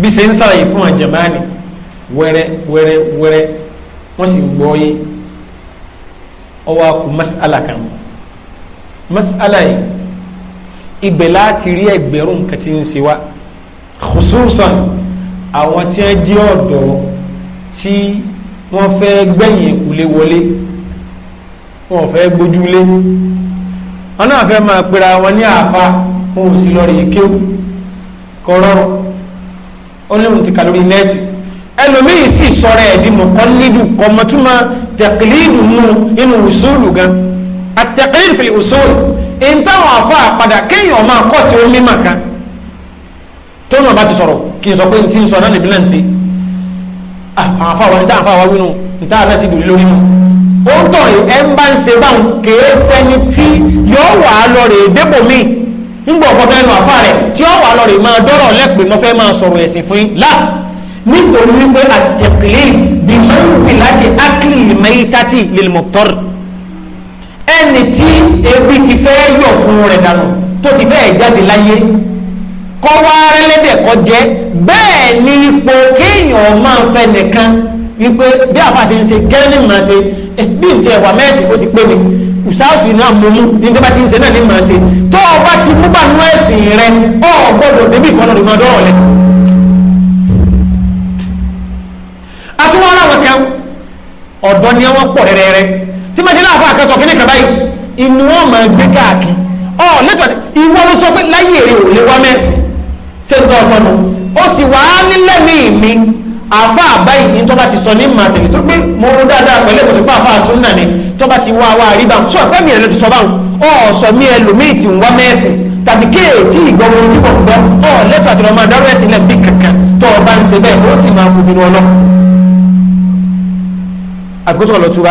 S2: bí ṣe ń sàlàyé fún àjàmáàní wẹ́rẹ́ wẹ́rẹ́ wẹ́rẹ́ wọ́n sì gbọ́ yé ọwọ́ akú mas'ala kan mas'ala yìí ibẹ̀ láti rí ẹgbẹ̀rún nǹkan tí ń ṣe wá khususan àwọn tí wọ́n jẹ́ ọ̀dọ́ tí wọ́n fẹ́ gbẹ̀yìn ìkúlé wọlé wọn ò fẹ́ gbójúlé wọn náà fẹ́ máa pera wọn ní àfa wọn ò sí lọ́ọ́ rí kéwù kọ́rọ́rùn onírun ti kà lórí nẹ́ẹ̀tì ẹlòmíì sì sọ̀rọ̀ ẹ̀ di mọ̀kànlélù kọ̀mọ̀túmọ̀ tẹ̀kìlìdù mú inú usulu gan àtẹ̀kìlìdù fi usulu èyí táwọn afọ àpadà kéèyàn máa kọ́ sí omi màkà tó náà bá ti sọ̀rọ̀ kì í sọ pé ti ń sọ náà lèmi náà ń se àwọn afọ àwọn ìta àfọ àwọn wínú ìta àfẹ́ ti dùn lórí mu ó ń tọ̀ ẹ̀ ń bá ń se báwọn kèé sẹ́ni tí yóò wà á lọ rèé dépò míì ńgbọ̀ ọ̀kọ̀ fẹ́ nu àfa rẹ̀ tí ó wà lọ́rẹ̀ máa dọ́rọ̀ lẹ́pẹ́ mo fẹ́ máa sọ̀rọ̀ ẹ̀sìn fún yín lá nítorí wípé àtẹ̀kìlì bí mọ́nsì láti ákìlì mẹ́tàtì lèmọ̀tọ́rì ẹni tí ebi ti fẹ́ yọ̀ fún rẹ̀ dànù tó ti fẹ́ jáde láyé kọ́ wá rẹ́lẹ́dẹ̀ kọ́ jẹ́ bẹ́ẹ̀ ni ipò kéèyàn máa fẹ́ nìkan wípé bí àfa ṣe ń ṣe gẹ́rẹ́ ní màá ṣe eh, bí ntẹ̀ ìsáàsì náà mú mú ní tí bá ti ń ṣe náà ní màá ṣe tó o bá ti mú bànú ẹ̀sìn rẹ ọ gbọ́dọ̀ débì kan lọ́dún máa dọ́rọ̀ lẹ. àtúwọ́ aláwọ̀ kan ọ̀dọ́ ni wọ́n pọ̀ rẹ́rẹ́rẹ́ tí máa ti náà fọ àkàsọ̀ kí ní yìí inú wọn máa gbé káàkiri ọ lẹ́tọ̀ọ́ ìwọ ló sọ pé láyé èrè ò lè wá mẹ́sìn ṣé ń tọ́ ọ sọnù ó sì wàá nílẹ̀ míì mi. mi àfa àbáyìí ní tọ́ba ti sọ ní màá tẹ̀lé tó pé mo rú dáadáa pẹ̀lú ìkọ̀sọ̀ pé àfa àsún náà ni tọ́ba ti wá wá rí bá sọ fẹ́ mi rẹ̀ ló ti sọ báwọn ọ̀ sọ mí ẹlòmíì tí ń wá mẹ́sìn tàbí kéètì ìgbọ̀nwó tí kò gbọ́ ọ̀ lẹ́tọ̀ àti ọmọ adarú ẹ̀sìn lẹ́bi kankan tó ọba ń ṣe bẹ́ẹ̀ ó sì máa kú bínú ọlọ́ àtúkọ́tù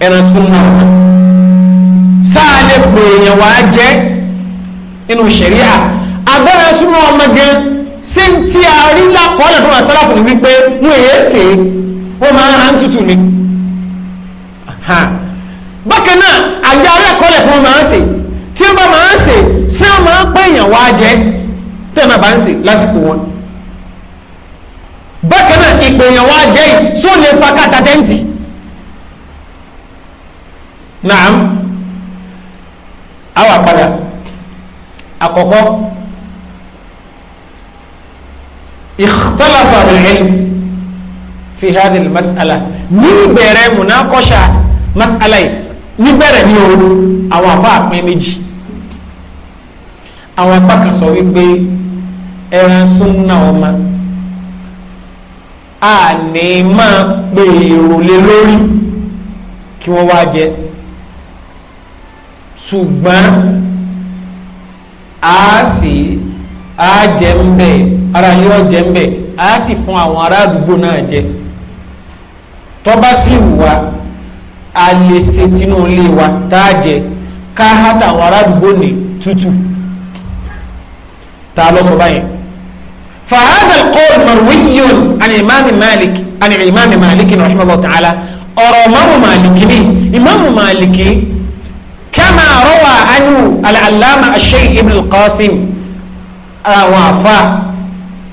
S2: ẹran súnmọ́ wọn sáà lè pè èèyàn wá jẹ́ nínú ṣẹ̀ríà tí a rí lákọọ́lẹ̀ fún àṣálàfù ní wípé wọn èyí ṣe wọn máa ń ra ń tutù bákan náà àjọ alákọọ́lẹ̀ fún wọn máa ń ṣe tí bákan náà naam awa padà àkọ́kọ́ ikhtalafa al-ilm fi hadhihi al-mas'ala ní bẹ̀rẹ̀ munakosha mas'ala yìí ní bẹ̀rẹ̀ ní o àwọn afa àpín méjì àwọn apá kan sọ wípé ẹran súnà ọmọ a ní máa pè èrò lé lórí kí wọ́n wá jẹ ṣùgbọ́n a sì á jẹ ń bẹ ara yóò jẹ ń bẹ a sì fún àwọn ará àdúgbò náà jẹ tó bá sì wà a lè ṣe tinú ilé wa tá a jẹ ká hátà àwọn ará àdúgbò ní tútù tá a lọ sọ báyìí fahadà kọ́ọ̀lù marwiyon àni imaami malik ọ̀rọ̀ maamu maliki ni imaamu maliki kama rọwà anhu alàlámà Sheikh Ibn al-Qasim àwọn àfa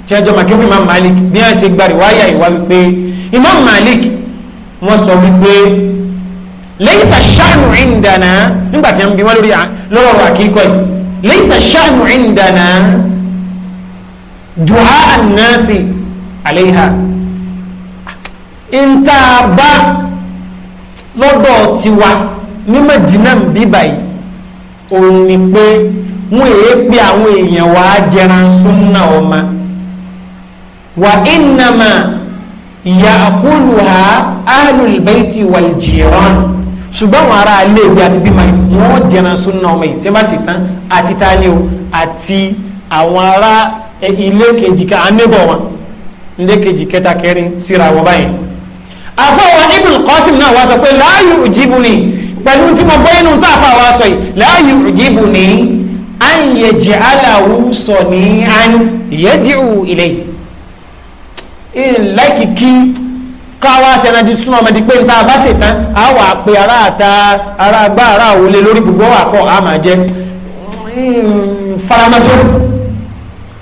S2: tí a jọ màkì fún Imam Malik bí wọ́n ṣe gbàrí wáyà ìwà wípé Imam Malik wọ́n sọ wípé laysa sha'nu indana nígbà tí wọ́n bí wọ́n lórí lọ́rọ̀ àkíkọ́ yìí laysa sha'nu indana du'a an-nasi alayha ìntàbá lọ́dọ̀ tiwa. ní Mẹ́dínà ń bí báyìí òun ni pé wọn èé pé àwọn èèyàn wà á jẹran súnà ọmọ wà ìnàmà ya'kuluha ahlul bayti wal jiran ṣùgbọ́n àwọn ará ilé ìwé àti bímọ wọn jẹran súnà ọmọ yìí tí wọ́n bá sì tán àti tani o àti àwọn ará ilé kejì ká ànébọ̀ wọn ilé kejì kẹta kẹrin síra wọn báyìí náà sọ pé pẹ̀lú tí mo gbọ́ inú tó àfa wa sọ yìí láàyè òjìbù ní àyè jẹ́ aláwù sọ ní àní ìyẹ́dìrú ilé ìlẹ́kìkí káwá sẹ́nadì súnmọ́ ọmọdé pé níta bá sì tán á wà pé ará àta ará agbá ará òwúlé lórí gbogbo wà pọ̀ á máa jẹ́ faramọ́tò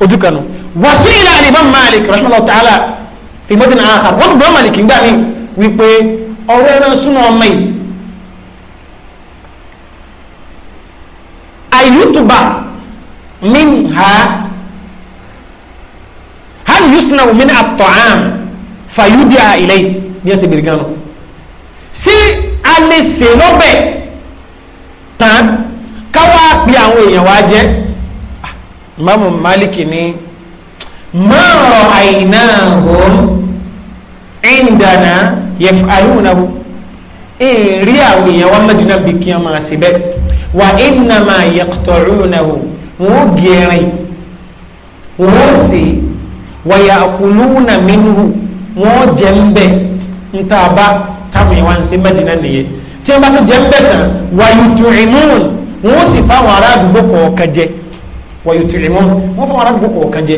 S2: ojú kanu wàsí ilé àlìbá Malik rahmanulahu ta'ala fi mọ́tò náà àkàrà wọ́n gbọ́ Malik ń gbà mí wípé ọ̀rọ̀ ẹran súnmọ́ ọmọ yìí ayutuba minha hal yusna min at-ta'am fayudia ilay bí ẹsẹ̀ bèrè gánà sí alẹ́ sè lọ́bẹ̀ tán káwá pe àwọn èèyàn wá jẹ́ Imamu Maliki ni mọ́rọ̀ àìná òun ìndànà yẹ̀fà àlùhùn náà èrè àwọn èèyàn wọn mẹ́jìnnà bí wà ìnàmà yaqta'unahu wọn ó gẹ̀rìn wọn ó sè wà ya'kuluna minhu wọn ó jẹ ń bẹ ntaaba táwọn yẹn wá ń ṣe Mẹ́dínà nìyẹn tí wọn bá tó jẹ ń bẹ tán wà yut'imun wọn ó sì fáwọn ará àdúgbò kọ̀ọ̀kan jẹ wà yut'imun wọn fáwọn ará àdúgbò kọ̀ọ̀kan jẹ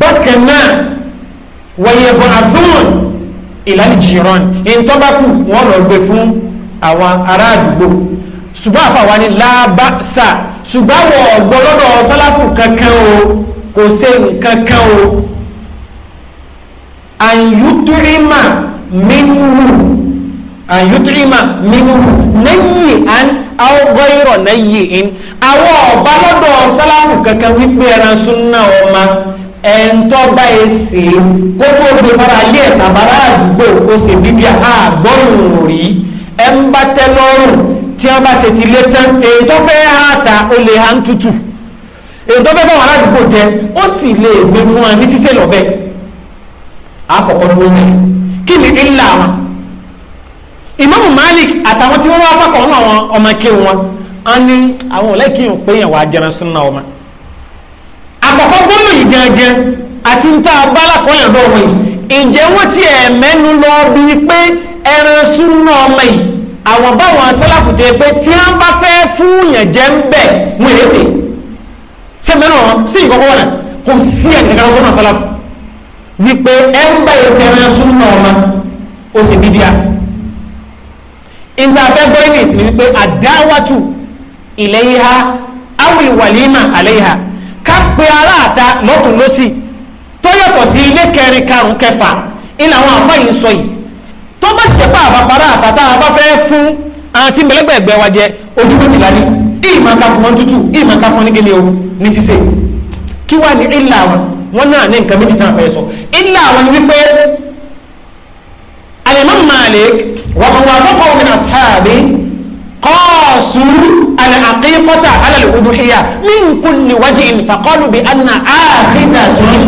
S2: bákan náà wà yab'athun ìlànà jìrán ìtọ́bákù wọn lọ gbé fún àwọn ará àdúgbò ṣùgbọ́n àfàwà ni lábàṣà ṣùgbọ́n àwọn ọ̀gbọ́n lọ́dọ̀ sálàfù kankan o kò ṣe nǹkan o àyùtúrímà mímúhù àyùtúrímà mímúhù lẹ́yìn àn àwọ̀gọ́ ìrọ̀ lẹ́yìn in àwọn ọ̀bá lọ́dọ̀ sálàfù kankan wípé ẹran súnà ọmọ ẹ̀ńtọ́ bá ẹ sè é kó fara lé ẹ̀tàbárà àdúgbò kó ṣe bíbí àgbọ̀rùn rí ẹ̀ ń bá tẹ́ tí wọ́n bá ṣe ti lé tán èyí tó fẹ́ àtà ó lè ha ń tutù èyí tó fẹ́ bá wọn aládùúgbò jẹ ó sì lè gbé fún ẹ ní sísè lọ́bẹ̀ àkọ́kọ́ ló ní kí ni ńlá wọn Ìmáàmù Malik àtàwọn tí wọ́n wá fàkọ̀ wọn àwọn ọmọ ike wọn á ní àwọn ọ̀lẹ́kì yìí pé yẹn wà á jẹran sínú ọmọ àkọ́kọ́ gbọ́dọ̀ yìí gẹ́gẹ́ àti ń tá a bá lákọ̀ọ́yàn lọ́wọ́ yìí ǹjẹ́ wọ́n ti ẹ̀ mẹ́nu lọ bí pé ẹran sínú ọmọ yìí àwọn báwọn sálàfù tó yẹ pé tí wọ́n bá fẹ́ fúnyàn jẹ́ ń bẹ̀ wọ́n yẹ sí ṣé mẹ́rin wọn sí ìkọ́kọ́ wọn kò sí ẹ̀ kankan fún sálàfù wípé ẹ ń bá yẹ sẹ́ran sún náà ọmọ ó sì bí díà ìgbà abẹ́gbọ́ yìí nìsí wípé àdáwàtú ilẹ̀ yìí ha awi wàlímà àlẹ́ yìí ha ká pe aláàta lọ́tún lọ́sì tó yàtọ̀ sí ilé kẹrin karùn-ún kẹfà ìlànà àwọn àbáyé sọ yìí tó bá sì jẹ́ pé àbàpàrà àtàtà àbá fẹ́ fún àti mẹlẹ́gbẹ̀ẹ́gbẹ́ wa jẹ ojú méjìlá ní ìmọ̀ ká fún wọn tútù ìmọ̀ ká fún nígbélé o ní ṣíṣe kí wàá ní ìlà wọn wọn náà ní nǹkan méjì tá a fẹ́ sọ ìlà wọn ni wípé alimami Malik wà wà bọ́kọ̀ min ashabi qaasu al-aqiqata ala al-udhiyya min kulli wajhin faqalu bi anna ahidatun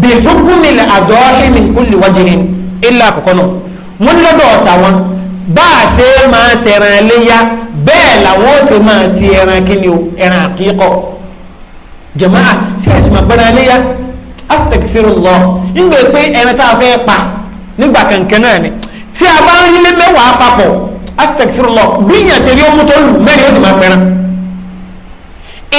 S2: bi hukmi al-adahi min kulli wajhin ìlà àkọ́kọ́ náà wọ́n ní lọ́dọ̀ ọ̀tà wọn bá a ṣe máa ṣe ẹran ẹlẹ́yà bẹ́ẹ̀ làwọn ó ṣe máa ṣe ẹran kíni o ẹran àkíkọ̀ jàmáà ṣe ẹ̀sìn máa gbẹ́ran ẹlẹ́yà astaghfirullah nígbà pé ẹran tá a fẹ́ pa nígbà kankan náà ni tí a bá ń rílé mẹ́wàá papọ̀ astaghfirullah gbìyàn ṣe rí ọmú tó lù mẹ́rin ó sì máa pẹ́ran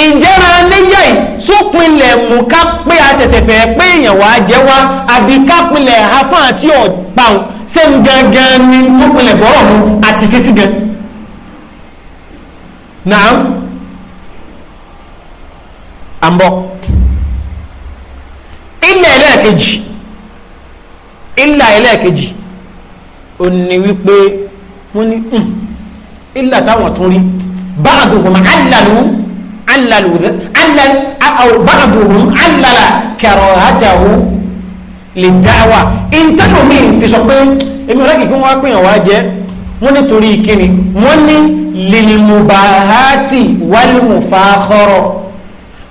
S2: ìjẹ́ra ẹlẹ́yà yìí sópinlẹ̀ mú ká pé a ṣẹ̀ṣẹ̀ fẹ́ pé èèyàn wàá jẹ́ wá àbí ká pinlẹ̀ afáàn tí ṣé ń gangan ni tó pinlẹ̀ bọ́rọ̀ mu àti sísí gan náà à ń bọ̀ ilẹ̀ ẹlẹ́ẹ̀kejì ilẹ̀ ẹlẹ́ẹ̀kejì ò ní wípé wọ́n ní hmm, ilẹ̀ táwọn tún rí báàdù wọn alàlù alàlù alàlù báàdù wọn alàlà kẹrọ àjàwó lè dá wà mi fi sọ pé èmi ọ̀rẹ́ kìkún wá pèèyàn wá jẹ́ wọ́n nítorí kíni wọ́n ní lìlìmùbáhátì wálìmùfáhọ́rọ̀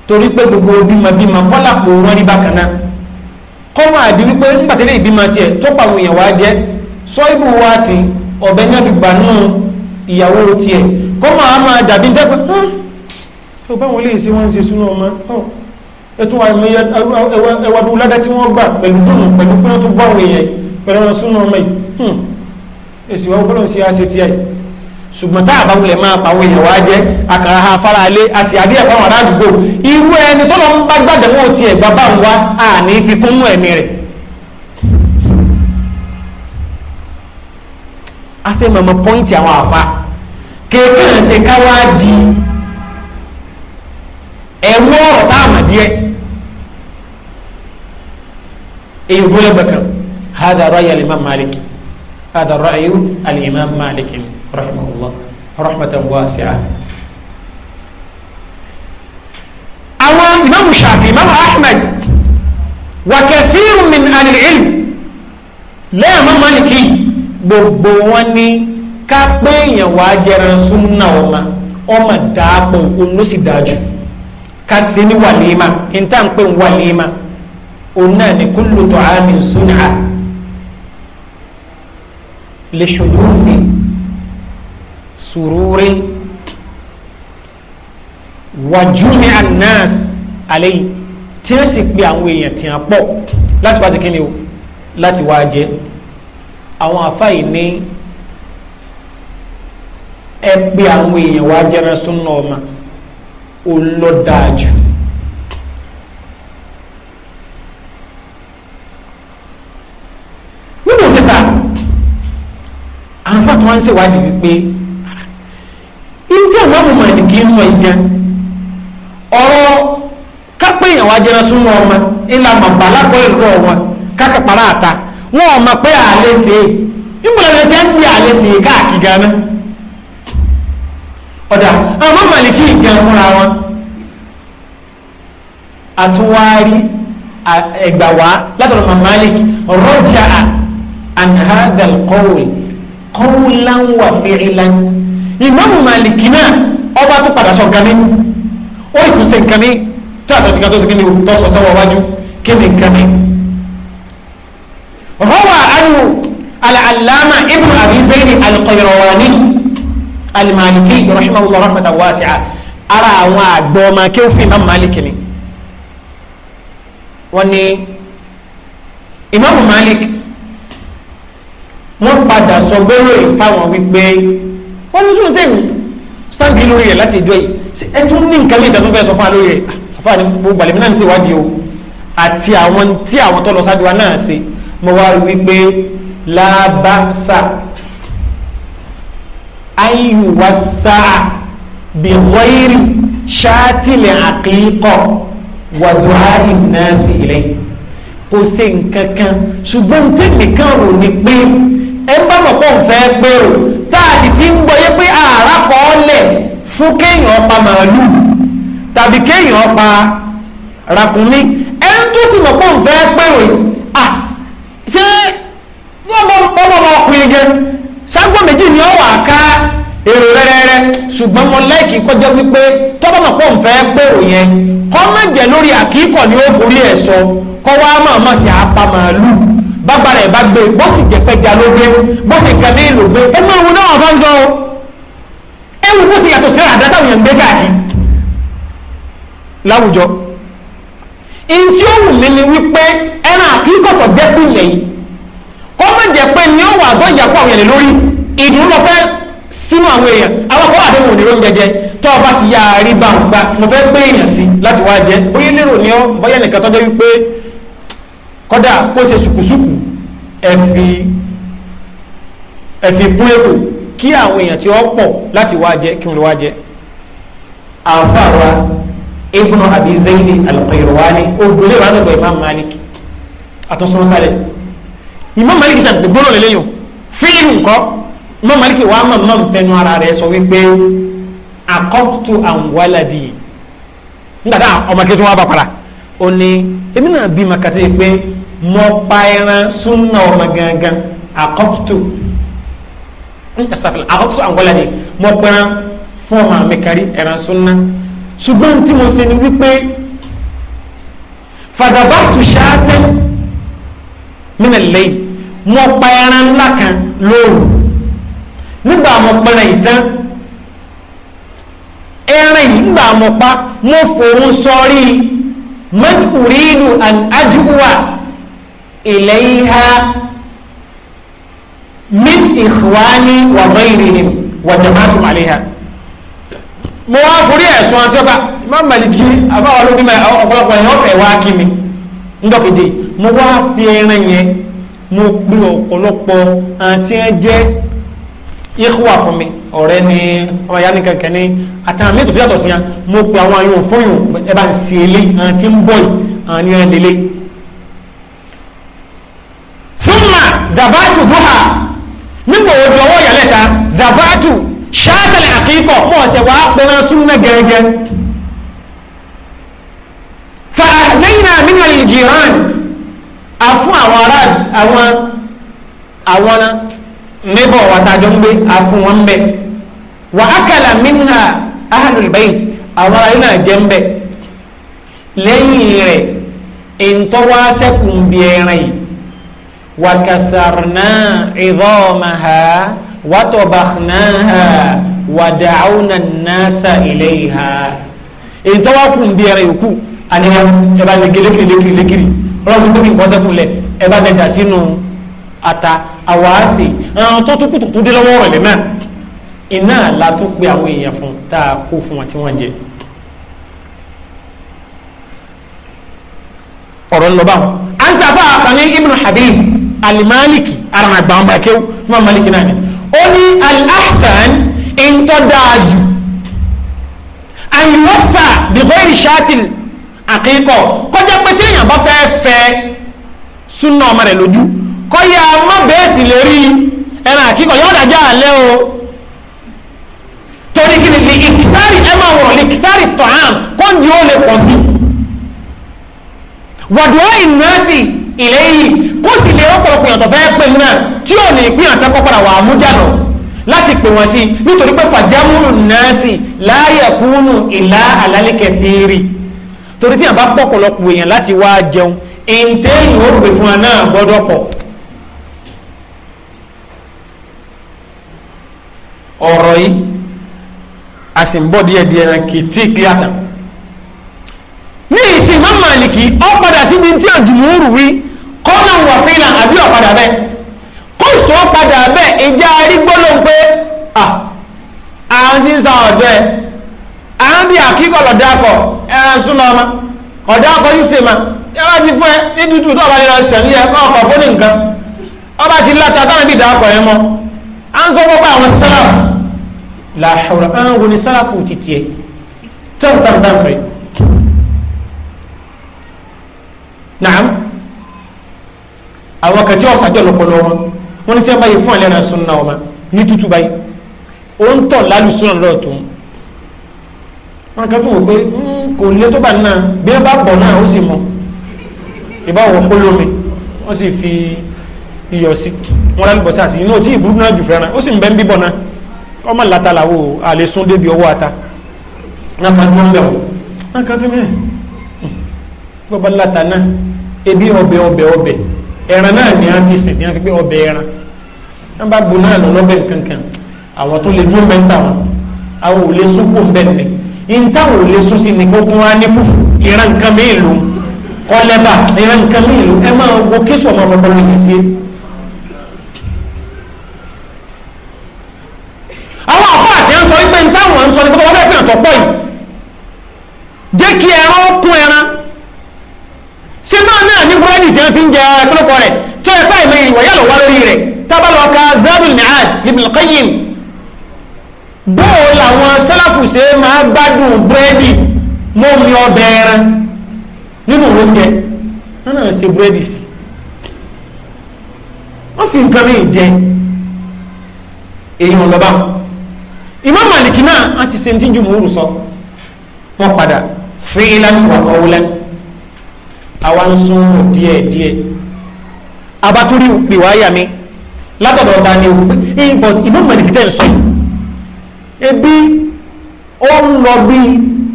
S2: torí pé gbogbo bímọbímọ kọ́là kò wọ́n rí bákan náà kọ́mọ àdí wípé nígbàtẹ́lẹ̀ ìbímọ tiẹ̀ tó pàwọn èèyàn wá jẹ́ sọ ibù wá ti ọ̀bẹ ní ọ̀fi gbà nù ìyàwó tiẹ̀ kọ́mọ àmọ́ dàbí jẹ́ pé ó báwọn lè ṣe wọ́n ń ṣe súnú ọmọ ẹtún ẹwàdú ládá tí wọ́n gbà pẹ̀lú dùnú pẹ̀lú pé wọ́n tún gbọ́ àwọn èèyàn pẹ̀lú wọn súnmọ́ ọmọ hmm. yìí èsì wọn gbọ́dọ̀ sí àṣẹ tiẹ̀ ṣùgbọ́n tá àbáwulẹ̀ máa pa àwọn èèyàn wá jẹ́ àkàrà ha fara alé àṣì àdíyẹ fáwọn ará àdúgbò irú ẹni tó lọ ń bá gbàdẹ̀ wọn ti ẹ̀ bàbá ń wá àní fi kún mú ẹ̀mí rẹ̀ afẹ́ mọ̀mọ́ pọ́ìntì àwọn àfa kéèké ṣe káwá di ẹ̀wọ́ ọ̀rọ̀ tá àmàdíẹ́ اي غولا بكر هذا راي الامام مالك هذا راي الامام مالك رحمه الله رحمه واسعه او امام شافعي امام احمد وكثير من اهل العلم لا امام مالك gbogbo كابين واجر ká وما وما دابو ونسي داجو كاسيني وليما dàápọ̀ òun وليما òun náà ní kúlù tó á ní sunna lè ṣòro ní sùrúrí wàjúmi anas àlẹyìn tí ó sì pe àwọn èèyàn tí wọn pọ̀ láti wá sí kíni o láti wá jẹ àwọn àfáì ní ẹ pe àwọn èèyàn wá jẹrán súnà ọmọ ó lọ tí wọ́n ń ṣèwádìí wípé ìtẹ̀ ìmọ̀mù mọ̀ọ́nì kì í sọ ìjẹun ọ̀rọ̀ kápẹ́yìn wa jẹ́ra súnmọ́ ọmọ ńlá màmá lápẹ́ ìrọ̀ wọn kákàpàrà àta wọn ò mọ̀ pé àlẹ́ ṣe é ìmọ̀lẹ́lẹ́ tí ń gbé àlẹ́ ṣe é káàkiri gan náà ọ̀dà àwọn mọ̀lẹ́kì gan fúnra wọn àtúwárí ẹgbàwá látọ̀rọ̀ màmá lẹ́kì rọ́jà an hadha al qawlan wa fi'lan ìmáàmù màlìkì náà ọba tó padà sọ nǹkan mi ó ì tún ṣe nǹkan mi tó àtọ̀tí kan tó sì kí ni tó sọ sọ́wọ́ wájú kí ni nǹkan mi. rawa anhu al-allama ibn abi zayd al-qayrawani al-maliki ara àwọn àgbọ̀ ọmọ akéwòfin ìmáàmù màlìkì ni wọ́n ní ìmáàmù màlìkì wọ́n padà sọ gbẹ́rọ ìfáwọn wípé wọ́n ní sùn tèmi stanbi lórí rẹ̀ láti ìjọ yìí ẹ tún ní nǹkan lè dàtún fẹ́ sọ fún wa lórí rẹ̀ ah, àfa ni mo gbàlẹ́ mi náà ń ṣe ìwádìí o àti àwọn tí àwọn tó lọ sáájú wa náà ṣe mo wá rí wípé lábàṣà ayùwàṣà bìwọ́ìrì ṣáàtìlẹ̀ àkìkọ̀ wàdùá ìnáṣì ilẹ̀ kò ṣe nǹkan kan ṣùgbọ́n tẹ̀mí kan rò ní pé ẹ ń bá mọ̀ pọ̀ nfẹ́ gbèrò tá a sì ti ń gbọ́ yé pé ààrá kọ́ lẹ̀ fún kéèyàn pa màálù tàbí kéèyàn pa ràkúnmí ẹ ń tó sì mọ̀ pọ̀ nfẹ́ gbèrò à ṣé wọ́n bọ́ ọmọ ọkùnrin jẹ ságbọ́n méjì ni ọ wà èrò rẹ́rẹ́rẹ́ ṣùgbọ́n mo láìkí kọjá wípé tọ́bọ̀ mọ̀ pọ̀ nfẹ́ gbèrò yẹn kọ́ mẹ́jẹ̀ lórí àkíkọ̀ ni ó forí ẹ̀ sọ kọ́ wá máa má sí apá màálù bàbá rẹ̀ bá gbé bó sì jẹ́ pẹ́jà ló gbé bó sì kàn ní ìlú gbé ẹ máa wo náà ọ̀bá ń sọ o ẹ wù kó sì yàtọ̀ sí àdá táwọn èèyàn gbé káàkiri láwùjọ ntí ó wù mí ni wípé ẹran àkíkọ̀tọ̀ jẹ́ pínlẹ̀ yìí kó má jẹ́ pé ní ọ̀wọ̀ àgọ́ ìyàpọ̀ àwọn èèyàn lórí ìdùnnú lọ fẹ́ sínú àwọn èèyàn àwọn àdéhùn òní lóúnjẹ jẹ tó o ti yáa rí bá ń gbá mo fẹ́ gbé èèyàn sí láti wá jẹ bóyá lérò ni ọ bóyá nìkan tọ́jọ́ wípé kọ́dà kó ṣe ṣùkùṣùkù ẹ̀fì ẹ̀fì kún ètò kí àwọn èèyàn tí wọ́n pọ̀ láti wá jẹ kí wọ́n lè wá jẹ àfa wa ibnu abi zayidi al-Qayrawani ògbólé wa nígbà imam malik àtúnṣe sáré imam malik sàn gbóná lélẹ́yìn fíìmù nǹkan imam malik wàá mọ̀ mọ́ fẹnu ara rẹ̀ sọ wípé akọ́tù àwọ̀ládì nígbà tá ọmọ kejì wọn bá para ó ní èmi náà bí makatí pé mo pa ẹran súnà ọmọ gangan àkọ́kùtù àkọ́kùtù àǹgọ́lá ni mo pa ẹran fún ọmọ mi kárí ẹran súnà ṣùgbọ́n tí mo ṣe ni wípé fàdàbàtù ṣáàtẹ́ mínà lẹ́yìn mo pa ẹran ńlá kan lóru nígbà mo pa ẹran ìtàn ẹran yìí ńgbà mo pa mo fòun sọrí mọ́tòrínù àjùwà. إليها من إخواني وغيرهم وجمعتم عليها mo wá forí ẹ̀sùn àjọba má màlìkì àbáwọn olóbi máa ọ̀pọ̀lọpọ̀ ẹ̀yàn ọ̀fẹ́ wá kí mi ńdọ̀kejì mo wá fi ẹran yẹn mo pe ọ̀pọ̀lọpọ̀ àti ẹ jẹ́ ikhwa fún mi ọ̀rẹ́ ni ọmọ ìyá ní kankan ní àtàwọn mi tó tó yàtọ̀ sí ya mo pe àwọn ayò fóyùn ẹ bá ń ṣe eléyìí àti ń bọ̀ yìí àni ẹ lélẹ́yìí àbáàtù ṣáàtàlẹ̀ àkíkọ̀ mọ̀ ọ̀sẹ̀ wàá pẹ̀rẹ̀ súnmọ́ gẹ́gẹ́ fàdéyìnà nínú ìjìrán àfún àwọn ará àwọn àwọn níbọ̀ wàtàjọ́ ń gbé àfún wọn bẹ wà á kàlà mínà ahlul bayt àwọn ará náà jẹ́ ń bẹ lẹ́yìn rẹ̀ ìntọ́wáṣẹ́kùn bí ẹran yìí wàkàsàrnà ìdọ́ọ̀mà ha wàtọ̀bàhánà wàdàáwùnà nàásà ilẹ̀ ìhà èyí tó wá kù ń bí ẹrẹ yòókù àníyàn ẹ bá ní lékiri lékiri lékiri ọlọ́run tó kí nǹkan sẹ́kù lẹ̀ ẹ bá dẹ̀dà sínú ata àwáàsì ẹran tó tún kùtùkùtù dé lọ́wọ́ rẹ̀ lẹ́mẹ̀ iná la tó pe àwọn èèyàn fún tá a kó fún wọn tí wọ́n jẹ. ọ̀rọ̀ ń lọ báwọn. à ń tàfà àkànní ibn habib alimaliki aranagba ọmọ akéwù fún amaliki náà al-ahsan ń tọ́ dáa jù àyùwọ́fà bìbọ́ìrì ṣáàtìl àkíkọ̀ kọjá pé téèyàn bá fẹ́ fẹ́ súnà ọmọ rẹ̀ lójú kọ́yà má bẹ́ẹ̀sì lè rí ẹran àkíkọ̀ yóò dájá àlẹ́ o torí kí ni ìkìtárì ẹ máa wọ̀rọ̀ lè kìtárì tọ̀hán kọ́ńdì ó lè pọ̀ sí wàdùn ó ìnáàsì ilé yìí kó sì lè ọ̀pọ̀lọpọ̀ yàtọ̀ fẹ́ pè náà tí ò ní ìpín àtẹ́kọ́ padà wà á mú jà náà láti pè wọ́n sí nítorí pé fàjámùrù nẹ́ẹ̀sì láàyè kúnnù ìlà àlálẹ́kẹ̀ fèèrè torí tí àbá pọ̀pọ̀lọpọ̀ èèyàn láti wá jẹun ìǹtẹ́yìn ó pè fún wa náà gbọ́dọ̀ pọ̀ ọ̀rọ̀ yìí a sì ń bọ̀ díẹ̀díẹ̀ náà kì í tí kílíà tán ní ìsìn mọ́mọ́lìkì ó padà síbi tí àjùmọ̀ òrùwí kọ́nà wà fílà àbí ọ̀padà bẹ́ẹ̀ tó padà bẹ́ẹ̀ ìjà arígbóló pé àwọn tí ń sa ọ̀dọ́ ẹ̀ àwọn bí àkíkọ̀ lọ́dàkọ̀ ẹran súnmọ́ ọmọ
S1: ọ̀dàkọ̀ yìí sèmà
S2: yàrá ti fún ẹ ní tútù tó ọba yẹn lọ sẹ̀mí ẹ kọ́ ọkọ̀ fún nìkan
S1: ọba ti láta táwọn ibi ìdàkọ̀ ẹ mọ́
S2: à ń sọ gbogbo àwọn sálàfù làhùrà àwọn wo ni sálàfù ti tiẹ̀ tó tàbí tàbí sọ yìí. naam àwọn kẹjọ ọ̀sàjọ lọ́pọ̀lọpọ̀ wọn wọ́n ní tí wọ́n bá yẹ fún ẹlẹ́ran sunna ọmọ ní tútù báyìí ó ń tọ̀ lálù sunna lọ́dọ̀ tó ń wọn kàn tó wọ́n pé hmm, kò lé tó bá náà bí wọ́n bá pọ̀ náà ó sì mọ ìbá wọ̀ pólómi wọ́n sì fi iyọ̀ sí wọn lálù bọ̀ sáà sí inú òtí ìbúrú náà jù fẹ́ràn ó sì ń bẹ́ ń bíbọ̀ náà ọmọ làtà làwọ̀ àlè sún débi ọwọ́ ata náà máa dún bẹ̀ wọ́n kàn tó mẹ́rin gbọ́dọ̀ làtà ẹran náà ni a fi sìn ní a fi pé ọbẹ̀ ẹran wọn bá bu náà lọ lọ́bẹ̀ kankan àwọn tó lè dúró mẹ́ta wọn àwọn ò lè sọ́kò ń bẹ̀ ni níta ò lè sọ́ sí ni kó kún wa ní fùfù ìran nǹkan mi ìlú kọ́lẹ́bà ìran nǹkan mi ìlú ẹ máa wo kéṣù ọmọ fọlọ́ lè ṣe. àwọn àpá àti ẹ̀ ń sọ wípé níta wọn ń sọ ní kókó wọn bẹ́ẹ̀ fi hàn tó pọ̀ yìí jẹ́ kí ẹran kún ẹran ṣé máa náà ní búrẹ́dì tí wọ́n fi ń jẹ ẹran kílókọ rẹ̀
S1: tó ẹ fẹ́ ìmọ̀ ìwọ̀yà lọ́wọ́ lórí rẹ̀
S2: bá lọ ka Zadul Ma'ad Ibn Qayyim bóò làwọn sẹ́láfù ṣe máa gbádùn búrẹ́dì mọ́mi ọbẹ̀ ẹran nínú oúnjẹ wọ́n náà ṣe búrẹ́dì sí wọ́n fi nǹkan mi jẹ èèyàn lọ́ba Imam Màlìkì náà á ti ṣe ní tíjú mòórù sọ wọ́n padà fílan wà ọ̀wúlan sún díẹ̀díẹ̀ abatúrí rìwáyà mi látọ̀dọ̀ ọba ni òun pé ẹ but ìmọ̀ mẹ́lìkì tẹ́ ń sọ ebi ó ń lọ bí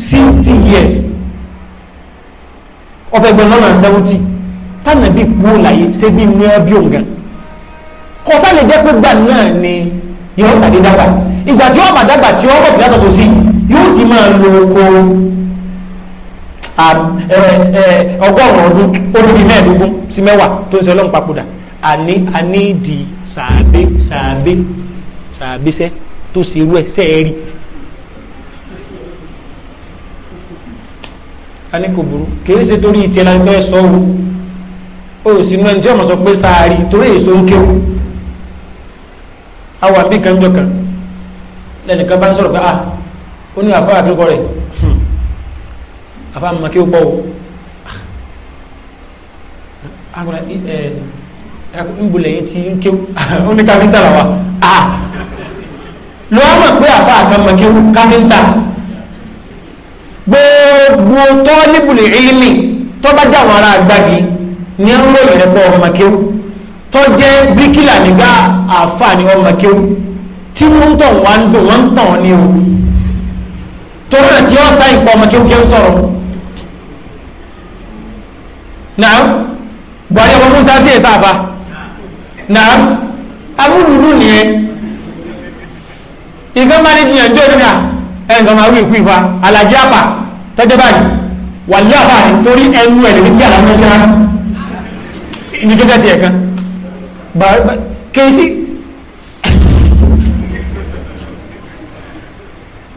S2: sixty years ọ̀fẹ́ gbọ́n lọ́nà seventy tánà bí kú láyé ṣé bí ní ọbí òun gan kọ́sá lè jẹ́ pé gbà náà ni yóò sàdé dàgbà ìgbà tí wọ́n bá dàgbà tí wọ́n bọ̀ tí yàtọ̀ sósì yóò ti máa lo oko ọgọ́rùn-ún ọdún ó lóbi mẹ́ẹ̀ẹ́dógún sí mẹ́wàá tó ń ṣe ọlọ́run papòdà Ani, ani di sàbẹ sàbẹsẹ tó ṣe irú ẹ sẹẹrí a ní kò burú kìí ṣe torí ìtẹ́lá ń bẹ́ẹ̀ sọ ọ́ o ò sì mọ ẹni tí ọmọ sọ pé sáárì torí èso ń kéwù àwọn àbí kan jọ kan lẹ́nìkan bá ń sọ̀rọ̀ pé ah ó ní àfa àdúgbò rẹ̀ hmm. àfa àmọ́ kí ó pọ̀ o. Ah nbọlẹ̀ yìí ti ń kéwù ó ní káfíńtà làwà á lọ́wọ́ mọ̀ pé àfa àkànmọ̀ kéwù káfíńtà gbogbo tọ́ níbùlẹ̀ ìlímì tọ́ bá jà wọn ara àgbàdì ní ń ròyìn rẹ̀ pọ̀ ọmọ kéwù tọ́ jẹ́ bíríkìlà nígbà àfa ni ọmọ kéwù tí wọ́n ń tàn wá ń dùn wọ́n ń tàn ní o torí rẹ̀ tí wọ́n sá ìpọ̀ ọmọ kéwù kéwù sọ̀rọ̀ náà buhari ọmọ musa sí èso àfa náà abúrúdú nìyẹn ìkan máa ní jiyàn jọ́ nígbà ẹ̀ nǹkan máa wí ìkú ìfa alájí àpà tọ́jọ́ báyìí wà láàbà nítorí ẹnu ẹ̀ lèmi tí àlàmọ́sí rárá ní kí sẹ́tì ẹ̀kan kéésì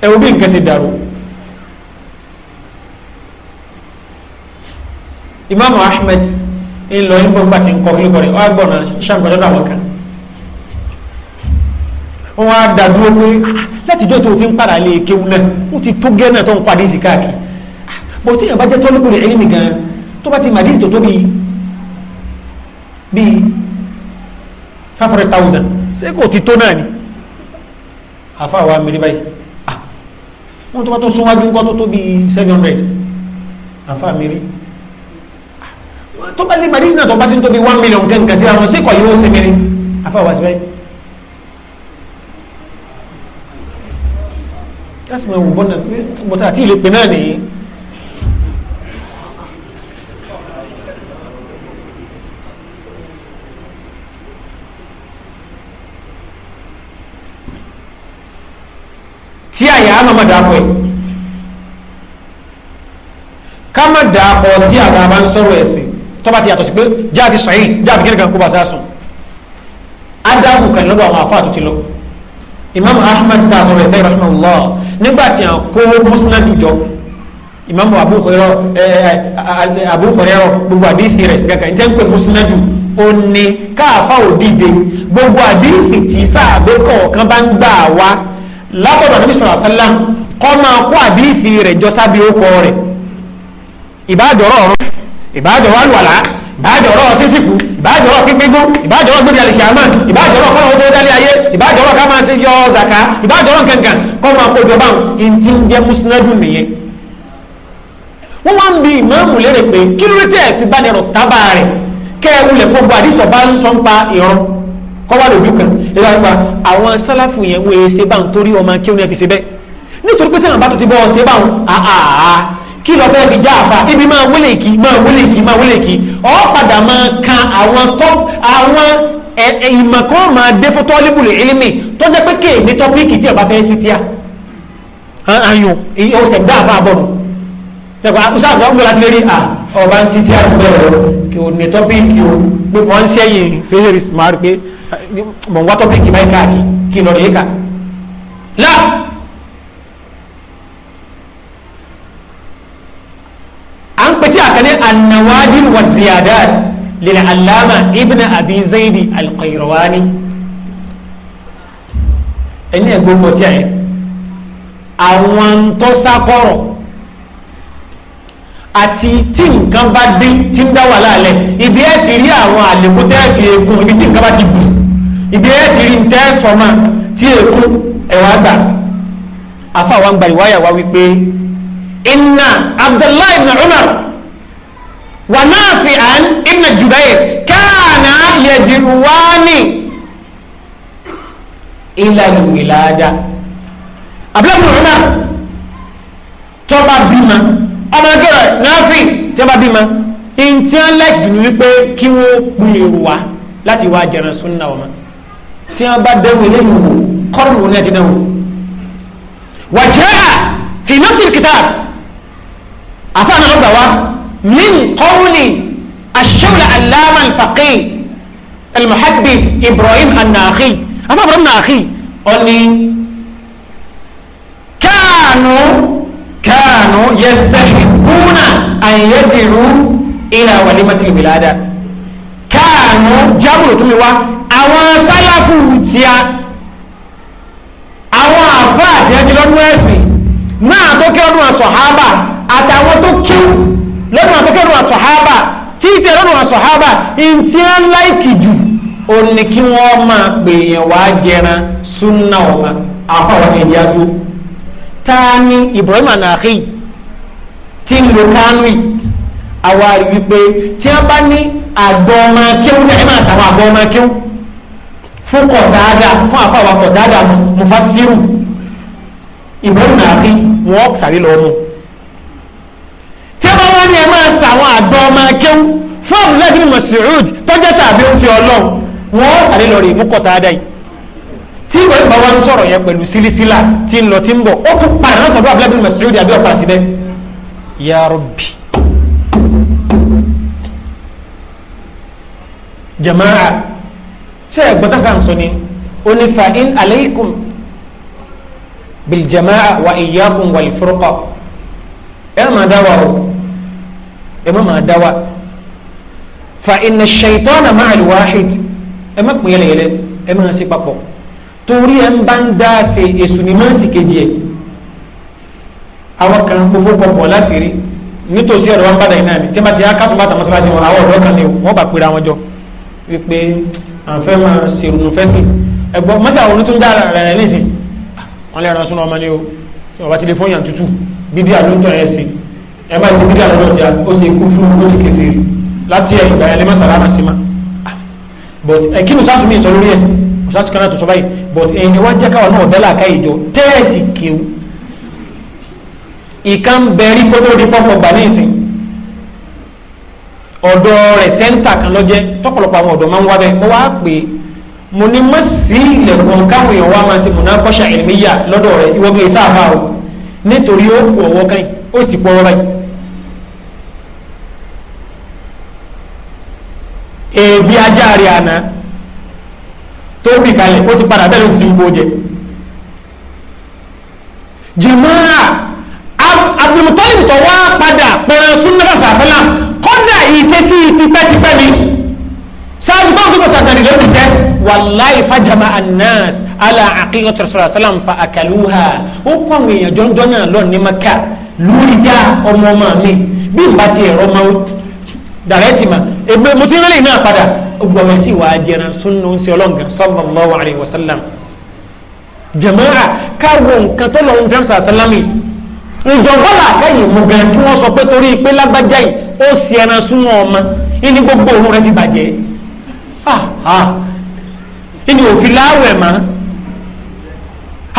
S2: ẹ̀wọ̀n bí nǹkan ṣe dàrú Imam Ahmed ńlọ nígbà gbà tí ń kọ kílùkọ rẹ̀ wọ́n gbọ̀nà ṣàǹkọ̀jọ́ àwọn kan wọ́n á dàdúró pé látijọ́ tó ti ń padà lè kéwu náà ó ti tó gẹ́nà tó ń padà sí káàkiri bó tí yàrá bá jẹ́ tọ́lú kúrò ẹ̀yìn nìkan tó bá ti mà díìsì tó tó bíi five hundred thousand ṣé kò ti tó náà ni àfa àwa mìíràn báyìí ah, wọ́n tó bá tó súnwájú ńkọ́ tó tó bíi seven hundred àfa mìíràn tó bá lè Madina tó bá ti ń tóbi one million ten nǹkan sí àwọn síkọ̀ yóò ṣe kiri afáwà síbẹ̀ láti máa wò bọ́nà pé mọ́tà àti ìlépè náà nìyí tí àyà á máa dàpọ̀ ẹ̀ ká má dàpọ̀ tí àgbà bá ń sọ̀rọ̀ ẹ̀sìn tọ́ba ti yàtọ̀ sí pé jáàbí sọ̀yìn jáàbí kí nìkan kó bá sásùn ádámù kan lọ́dọ̀ àwọn afáà ti lọ imam ahmed ta sọ̀rọ̀ ẹ̀tẹ́ rahimahullah nígbà tí a kó musnad jọ imam abu hurayra abu hurayra gbogbo àdìsí rẹ̀ gàgà jẹ́ ń pè musnad ó ní káàfà òdìdè gbogbo àdìsí tí sáàbẹ̀ kọ̀ọ̀kan bá ń gbà wá látọ̀dọ̀ nabi sallallahu alaihi wasallam kọ́ máa kó àdìsí rẹ̀ jọ sábẹ́ ó kọ́ rẹ̀ ìbádọ́rọ̀ ọ̀run ìbáàjọ wà lùwàlà ìbáàjọ ọ̀rọ̀ sísìkù ìbáàjọ ọ̀rọ̀ pípígún ìbáàjọ ọ̀rọ̀ gbẹdẹ àlìkì àmà ìbáàjọ ọ̀rọ̀ kọlọwọ tó dálé ayé ìbáàjọ ọ̀rọ̀ káma ṣe yọ ọzàká ìbáàjọ ọ̀rọ̀ kankan kọ máa kó ìjọba ń ti ń jẹ mùsùlùmí nìyẹn. wọn wá ń bi ìmáàmù lérè pé kí ló tẹ fi bá nẹrọ tábà rẹ kẹ ẹ wulẹ kó bu àdìsọ bá ń sọ ń pa ìrọ kọ wá lójú kan ìlà ìgbà kí lọ fẹ́ fi já àfa ibi máa wúlè kí máa wúlè kí máa wúlè kí ọ padà máa kan àwọn tọ́ àwọn ìmọ̀ kan máa dé fún tọ́líbùlù ìlímì tó jẹ́ pé kéè ní tọ́píìkì tí ọba fẹ́ sí tíà ayùn ọ̀sẹ̀ dá àfa àbọ̀nù tẹ̀kọ̀ àkúsà àgbà ńgbọ́n láti lérí à ah, ọba ń sí tíà bẹ̀rẹ̀ kí o ní tọ́píìkì o pé wọ́n ń sẹ́yìn fèrè smart pé ah, mọ̀ ń wá tọ́píìkì báyìí káàkiri kí n lọ kan ní an-nawadir wa ziyadat lil allama ibn abi zaidi al-qayrawani ẹni ẹgbẹ́ ọkọ̀ tí a yẹ àwọn tó sákọ̀rọ̀ àti tí nǹkan bá dín tí ń dá wà láàlẹ̀ ibi ẹ ti rí àwọn àlékún tẹ́ fi ekun ibi tí nǹkan bá ti bù ibi ẹ ti rí tẹ́ sọmọ tí ekun ẹ̀wà gbà afa wa ń gbà ìwáyà wa wípé inna abdullahi ibn umar. ونافعا ابن جبير كان يدعوان إلى الولادة أبلا بن عمر tọ́ba bímọ ọmọ ẹgbẹ́ rẹ̀ náàfin tọ́ba bímọ ntí wọn lẹ́jù ní wípé kí wọ́n pin èrò wa láti wá jẹran súnà wọn tí wọn bá dẹ́wọ̀ eléyìí wò kọ́rùn wọn náà ti dẹ́wọ̀ wàjẹ́ à fi nafsi kitab
S1: àfáàná lọ́gbà wa
S2: من قول الشغل علامة الفقيه المحدث إبراهيم الناخي أما إبراهيم الناخي قال لي كانوا كانوا يستحبون أن يدعوا إلى وليمة الولادة كانوا جابوا تموا أو سلفوا تيا أو أفاد يجلون ويسي ما أتوكي أنوا صحابة أتوكي lọ́nà àkọ́kọ́ ìrùn àṣọ̀hábà tí ìtẹ̀ lọ́nà àṣọ̀hábà in tí ń láìkì jù ó ní kí wọ́n máa pè yẹn wá jẹran súnà ọ̀ma àpáwọn ẹ̀yà tó ta ni Ibrahim anahi ti ń lo kánúì àwárí wípé tí wọ́n bá ní àgbọ̀ ọmọ akéwú ní ẹ̀mí àṣàwọn àgbọ̀ ọmọ akéwú fún kọ̀dáadà fún àpáwọn kọ̀dáadà mufasiru Ibrahim anahi wọ́n sàrí lọ́wọ́ mu àtàwọn àgbà ọmọ akéwú fún Abdullahi bin Mas'ud tọ́jọ́ tàbí ń fi ọlọ́run wọ́n àlè lọ rè mú kọ́ta adá yìí tí ìwé ìgbà wa ń sọ̀rọ̀ yẹn pẹ̀lú sílísílà tí ń lọ tí ń bọ̀ ó tún padà náà sọ̀rọ̀ Abdullahi bin Mas'ud àbí ọ̀pá síbẹ̀ ya jama'a ṣe ẹ̀gbọ́ta sàǹsọ ni ó ní fa in alaykum bil jama'a wa iyyakum wal furqa ẹ̀ máa dá wa o ẹ má máa dá wa fa inna shaytana ma'a al-wahid ẹ má pín yẹlẹyẹlẹ ẹ má ṣe papọ̀ torí ẹ ń bá ń dá ṣe èṣù ní máa ń sì kejì ẹ àwọn kan gbogbo pọpọ láṣìírí nítòsí ẹ̀rọ wọn bá dàgbé náà ni tí wọ́n bá ti yá kásùn bá tàmọ́ síláṣí wọn àwọn ọ̀dọ́ kan ni wọ́n bá pera wọn jọ wípé àǹfẹ́ máa ṣèrùnú fẹ́ sí ẹ̀gbọ́n àwọn onítún dára rẹ̀ rẹ̀ ah, wọn lè ránṣọ́ ọmọ ni o tí wọ́n bá ti bídí àlóńtọ̀ ẹ̀ sí ẹ bá ṣe bídà lọ́dọ̀ tí ó ṣe kú fún ó ti kẹfẹ́ rí láti ẹ̀ ìgbà yẹn lè má sí ma but ẹ kí ni sáà sùn sọ lórí ẹ sáà sùn kanáà tó sọ báyìí but ẹ̀yin ni wọ́n jẹ́ káwọn náà bẹ́ẹ̀ làákà ìjọ tẹ́ẹ̀sì kéwù ìkan bẹ̀rí kótó rí pọ́fọ̀ gbà ní ìsìn ọ̀dọ́ rẹ̀ sẹ́ńtà kan lọ́jẹ́ tọ́pọ̀lọpọ̀ àwọn ọ̀dọ́ máa ń wá bẹ́ẹ̀ mo wá pè é mo ní má sí ilẹ̀kùn káwọn èèyàn wá máa ṣe mọ̀nà kọ́ṣà ìrìnmíyà lọ́dọ̀ rẹ̀ ìwọ́gbẹ́ ìsáàfà o nítorí ó kù ọ̀wọ́ kan ó sì pọ̀ ọ́ báyìí èèbí ajá rẹ̀ àná tó bì kalẹ̀ ó ti padà bẹ́ẹ̀ ló ti fi gbogbo jẹ jẹ̀máà Abdulmutalib tó wá padà pẹ̀rẹ̀ súnmọ́tà sàfẹ́lá kọ́dà ìṣesí tipẹ́tipẹ́ ni sáájú báwọn tó pèsè àtàrí lórí iṣẹ́ wàláì fàjàmà anas ala àkíyàn tẹ̀sán sàlám fa àkàlùhà ó kọ́ àwọn èèyàn jọ́njọ́ náà lọ ní maka lórí dá ọmọ ọmọ mi bí ìbá ti ẹ̀rọ máa dàrẹ́tì mà èmi mo ti rí lẹ́yìn náà padà gbogbo àwọn ẹ̀sìn wàá jẹran súnú ń ṣe ọlọ́ǹgà sallallahu alayhi wa sallam jàmáà káwọ nǹkan tó lọ́wọ́ fẹ́ sàlámì ìjọba kẹyìn mọ̀gàn kí wọ́n sọ pé torí pé lágbájá yìí ó sì ẹran súnmọ́ ọmọ ìní gbogbo òun rẹ ti bàjẹ́ ìní òfin láwẹ̀ mọ́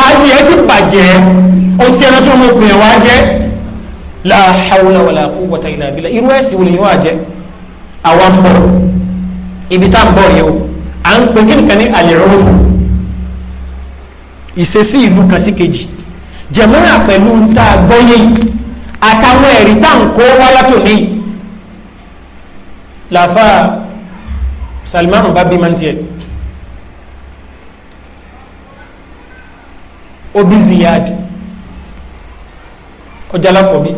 S2: àti ẹ̀ bàjẹ́ ó sì ẹran súnmọ́ ọmọ òkùnrin wa jẹ́ la hawla wala quwwata illa billah irú ẹ̀sìn wò àwa ń bọ̀ ibi tá à ń bọ̀ yẹn o à ń pè kíni kan ní àlèrọ́fù ìṣesí ìlú kan sí kejì jẹ̀mọ́ra pẹ̀lú tá a gbọ́ yé àtàwọn ẹ̀rí tá à ń kó wá látòní làfà Salmanu bá bí máa ń tiẹ̀ obi Ziyad ọjà lákọ̀ọ́bí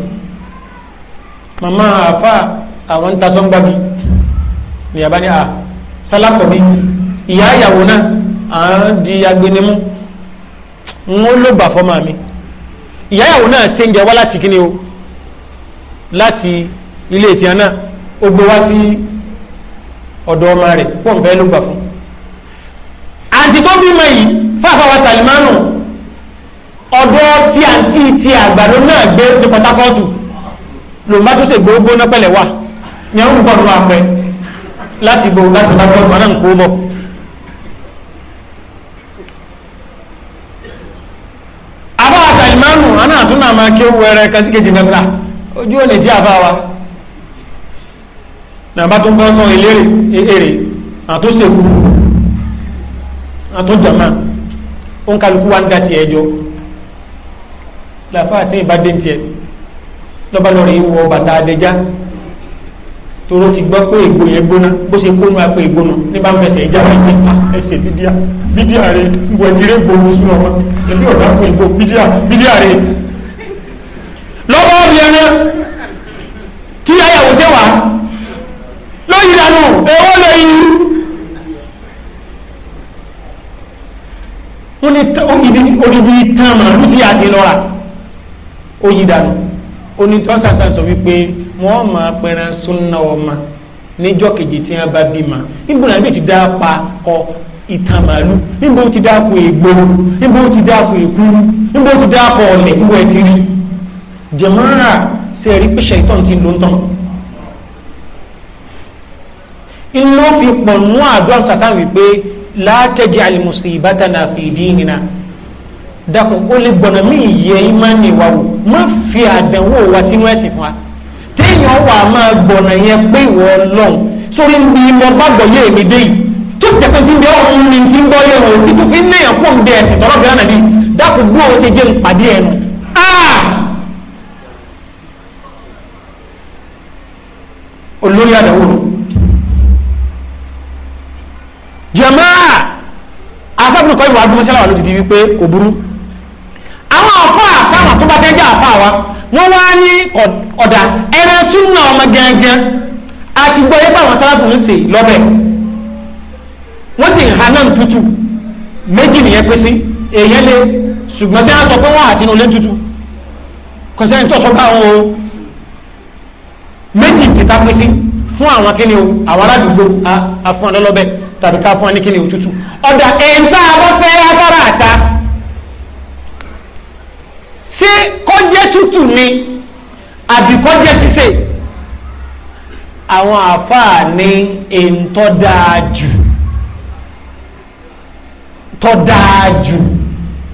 S2: màmá àfà àwọn ń ta sọ́ngbà mi ìyàbá ni a sálápọ̀ mi ìyá ìyàwó náà a ń di agbénimú wọn ló bà fọ́mọ mi ìyá ìyàwó náà ṣe ń jẹ wá láti o láti ilé ìtìyàn náà ó gbé wá sí ọ̀dọ̀ ọmọ rẹ̀ wọ́n fẹ́ ló gbà fún àǹtí tó bímọ yìí fáfáwá Sàlìmánù ọ̀dọ̀ tí àǹtí ti àgbàdo náà gbé ní Port lòun bá tó ṣègbè ó gbóná pẹ̀lẹ́ wà ní ọdún pọ̀ tó máa pẹ́ láti bo láti bá gbọ́dọ̀ náà kó bọ̀. àbá àtàlímánù àná àtúnà máa ké wẹrẹ kásíkèjì mẹ́fà ojú ò lè tí àbá wa nàbá tó ń bọ́ sọ eléré èrè àtúnṣekú àtúnjàmá ó ń kálukú wá ń dá tiẹ̀ jọ làfáà tí ì bá dé tiẹ̀ lọ́ba lọ́rọ̀ yìí wọ bàtà adẹ́já toro ti gbọ́ pé ìgbò yẹn gbóná bó ṣe kó nu apẹ ìgbóná ní bá ń fẹsẹ̀ ìjà wọn ní ẹsẹ̀ bídíà bídíà rẹ ìwọ ìdílé gbòòrò súnmọ́ wọn ẹbí ọ̀dà kò ìgbò bídíà bídíà rẹ. lọ́wọ́ ọ̀bì ẹran tí ayàwó ṣe wà lóyìn dànù èwo lóyìn. wọ́n ní odidi tán màálù tí a ti lọ́ra ó yí dànù onítọ́sàsà sọ wípé wọ́n máa pẹran súnà ọmọ níjọ́ kejì tí wọ́n bá bímọ níbo náà bí ti dá pa ọ ìtàn màálù níbo ti dá ko ègbò níbo ti dá ko èkú níbo ti dá ko ọ̀lẹ̀ níbo ẹ ti rí jẹ̀mọ́ra sẹ́ẹ̀rí pé ṣètọ́n ti ń lo ń tán fi pọ̀ nù àdúrà sàṣà wípé látẹ̀jẹ̀ àlùmùsì ìbátanà fìdí nìyẹn dako ó lè gbọ̀nà mí ìyẹ ìmánì wa wò má fi àdánwò wa sínú ẹ̀sìn fún wa téèyàn wà á máa gbọ̀nà yẹn pé ìwọ ọlọ́run sórí ń bí mo bá gbọ̀ yé èmi dako yìí tó sì jẹ́ pé tí ń bẹ ọ̀hún mi ti ń gbọ́ yẹ̀ wò tí tó fi ń léèyàn pọ̀ ń bẹ ẹ̀sìn tọ́lọ́ bẹ̀rẹ̀ nàbí dákun bú òun ṣe jẹ́ ń pàdé ẹnu olórí àdánwò jẹ̀máà afẹ́bùnú kọ́ ìwà adúmọ́sẹ́lá wà lódìdí wípé kò burú àwọn àfa àtàwọn tó bá fẹ́ jẹ́ àfa wa wọ́n wá ní ọ̀dà ẹran súnmù ọmọ gangan àti gbọ́ yẹ́pà àwọn sáláfù ń sè lọ́bẹ̀ wọ́n sì ń ha náà tútù méjì nìyẹn pé sí èèyàn lé ṣùgbọ́n sí á sọ pé wọ́n àti inú lé tútù kọ̀sẹ́ni tó sọ bá wọn o méjì tìta pín sí fún àwọn kíni o àwọn aládùúgbò afún ọlọ́lọ́bẹ̀ tàbí ká fún ẹni kíni o tútù ọ̀dà ẹ̀ńtà abáfẹ́ afárá àta ṣé kọjẹ́ tútù ni àbí kọjẹ́ sísè àwọn àfáà ní èntọ́ dáa jù tọ́ dáa jù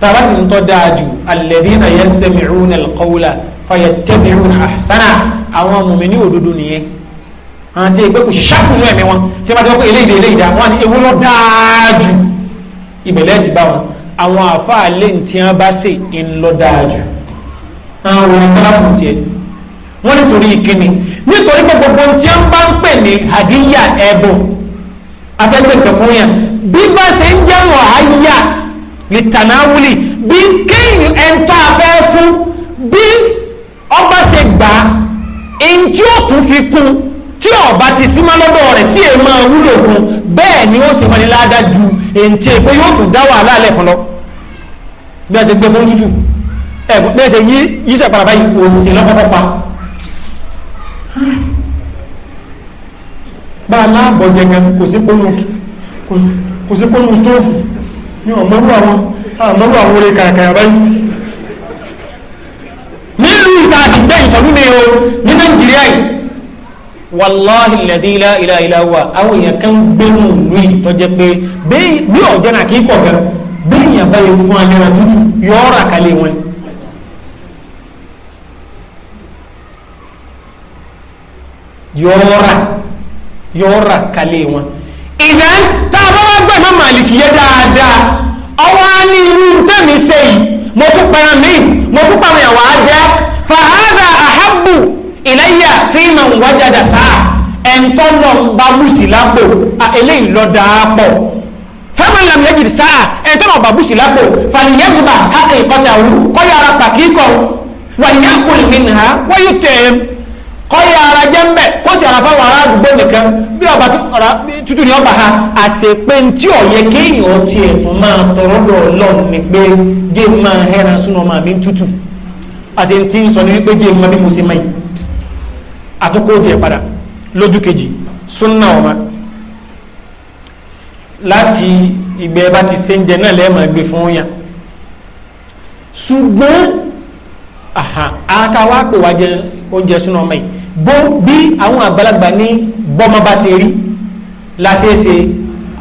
S2: tàbá sì ń tọ́ dáa jù alladhina yastami'una alqawla fayattabi'una ahsana àwọn mùmíní òdodo nìyẹn àwọn tí ẹgbẹ́ kò ṣe ṣàkóso ẹ̀mí wọn tí wọ́n ti wọ́n pé eléyìí eléyìí dá wọn ni ewu lọ dáa ìbẹ̀lẹ́ ti bá wọn àwọn àfáà lè ń tiẹ́ bá ṣe ń lọ dáa àwọn orin sáláfù tiẹ̀ wọ́n nítorí ìkíni nítorí pé gbogbo tí wọ́n bá ń pè ní hadiya ẹ̀bùn afẹ́gbẹ̀kẹ̀ fún yẹn bí bá ṣe ń jẹ́ wọ́n àyà lè tànáwùlì bí kéèyàn ẹ̀ńtọ́ afẹ́ fún bí ọba ṣe gbà á èyí tí ó tún fi kún tí ọba ti símá lọ́dọ̀ rẹ̀ tí èyí wúlò fún bẹ́ẹ̀ ni ó sì máa ní ládàá ju èyí tí èyí pé yóò tún dá wàhálà lẹ̀ fún lọ bí a ṣe gbé fún tútù ẹ̀kú pẹ́sẹ̀ yí yíṣẹ́ padà báyìí òsì lọ́kọ́kọ́ pa bá a láàbọ̀ jẹ̀gẹ̀ kò sí pólú stóòfù ní ọ̀mọ́rú àwọn àmọ́rú àwọn orí kàkàyà báyìí nílùú ìta àti ìsọ̀rú mi o ní nàìjíríà yìí wàláhì lẹ́dí ilá wa àwọn èèyàn kan gbénu ìlú ìtọ́jẹ́ pé bí ọ̀jẹ́ nà kí kọ̀ gan bí èèyàn báyìí fún alẹ́ rẹ̀ tútù yọ ọ́ rà kalẹ̀ wọn yọ̀ọ́ra yọ̀ọ́ra kalẹ̀ wọn. ìdá tá a bá wá gbà má màlìkì yẹ dáadáa ọwọ́ á ní irú tẹ̀mí sẹ́yìn mo tún para mi mo tún para yàwó á jẹ́ fàhádà àhábù ìlẹ́yà fíìmù wájàdà sáà ẹ̀ńtọ́ lọ ń bá bùsì lápò eléyìí lọ dáa pọ̀ fẹ́mi lam yẹ́jì sáà ẹ̀ńtọ́ lọ bá bùsì lápò fàlìyẹ́gùbà hàkẹ́ ìkọ́tà òru kọ́ yàrá pàkíkọ̀ wàyà kùlùmí nìha wáyé tẹ̀ ẹ́ kọ́yà ara jẹ́ ń bẹ̀ kó sì ara fáwọn ará àdúgbò nìkan bí ọba tútù ní ọba ha àṣepé tí ọ̀yẹ kéèyàn ti ẹ̀tún máa tọrọ lọ lọ́run ni pé jẹ́ máa hẹ́ran súnà máa mi tútù àti tí ń sọ ní wípé jẹ́ máa bí mo ṣe máa yìí àtúkò tiẹ̀ padà lójú kejì súnà ọ̀ma láti ìgbẹ́ bá ti ṣe ń jẹ náà lẹ́ẹ̀mọ̀ gbé fún yàn ṣùgbọ́n àkàwá pè wá oúnjẹ súnà ọmọ yìí bó bí àwọn àgbàlagbà ní bọ́mọ bá ṣe rí láṣẹ́ṣe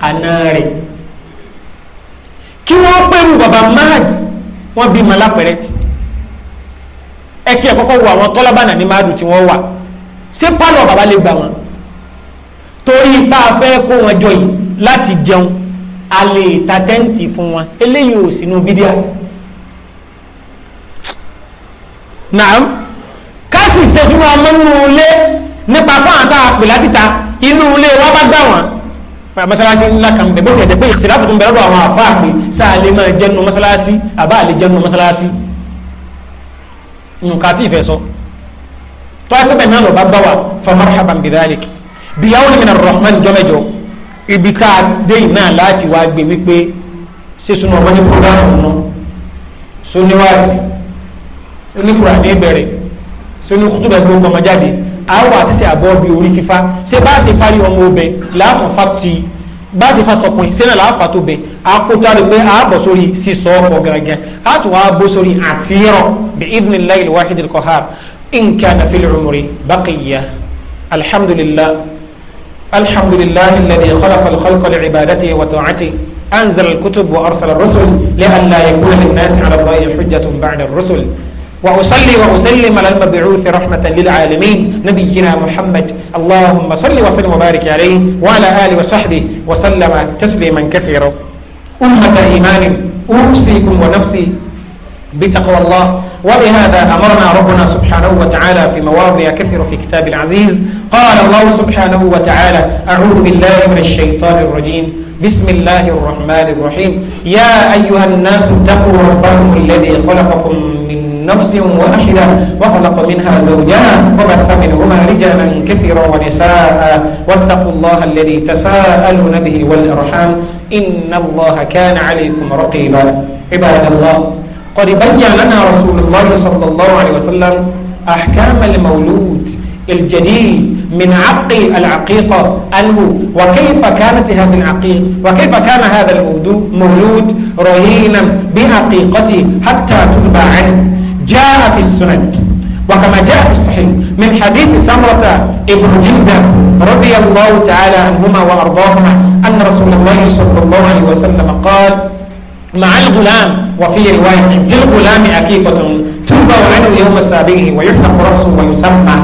S2: àna rẹ̀ kí wọ́n pẹ̀lú bàbá mahad wọ́n bí malápẹ̀rẹ́ ẹ kí ẹ kọ́kọ́ wo àwọn tọ́lábànà ní madu tí wọ́n wà ṣé pálọ̀ bàbá lè gbà wọn torí ipá fẹ́ kó wọn jọ yìí láti jẹun a lè ta tẹ́ǹtì fún wọn eléyìí ò sínú bídíà naam sì ṣe fún wa mọ́ nínú ilé nípa fún àtà àpè látìta inú ilé wa bá gbà wọ́n masalasi ńlá kan bẹ bó ti ẹ̀dẹ̀ pé ìtìláfù tó ń bẹ̀rẹ̀ lọ àwọn àfa àpè sáàlè máa jẹnu masalasi àbá àlè jẹnu masalasi nǹkan àti ìfẹ́ sọ tó a pẹ́pẹ́ náà lọ bá bá wa fa marhaban bidhalik bìyàwó ni minar rahman jọmẹjọ ibi tá a dé iná láti wá gbé wípé sísun ọmọ ní kúrò náà nù sọ níwáàsì oníkùrà ní ìbẹ̀rẹ̀ sínú kútùbà tó ń gbọmọ jáde àwọn àṣìṣe àbọ̀ bíi orí fífa ṣé bá ṣe fárí ọmọ obẹ láàmú fàtì bá ṣe fatọkùn sínú làáfà tó bẹ àkótó àti pé àbọ̀ sórí sísọ ọkọ̀ gàgà àtún àbọ̀ sórí àtìrọ̀ bí idhnillahi al-wahid al-qahhar in kana fil umri baqiya alhamdulillah alhamdulillah alladhi khalaqa al-khalqa wa ta'atihi anzala al arsala rusul li an la yakuna lin 'ala Allahi hujjatun ba'da ar-rusul. وأصلي وأسلم على المبعوث رحمة للعالمين نبينا محمد اللهم صل وسلم وبارك عليه وعلى آله وصحبه وسلم تسليما كثيرا أمة إيمان أوصيكم ونفسي بتقوى الله وبهذا أمرنا ربنا سبحانه وتعالى في مواضع كثيرة في كتاب العزيز قال الله سبحانه وتعالى أعوذ بالله من الشيطان الرجيم بسم الله الرحمن الرحيم يا أيها الناس اتقوا ربكم الذي خلقكم نفس واحدة وخلق منها زوجها وبث منهما رجالا كثيرا ونساء واتقوا الله الذي تساءلون به والأرحام إن الله كان عليكم رقيبا عباد الله قد بين لنا رسول الله صلى الله عليه وسلم أحكام المولود الجديد من عق العقيقة أنه وكيف كانت هذه العقيق وكيف كان هذا المولود رهينا بعقيقته حتى تذبى عنه جاء في السنن وكما جاء في الصحيح من حديث سمرة ابن جدة رضي الله تعالى عنهما وأرضاهما أن رسول الله صلى الله عليه وسلم قال مع الغلام وفي رواية في الغلام عقيقة تنبع عنه يوم سابعه ويحلق رأسه ويسمى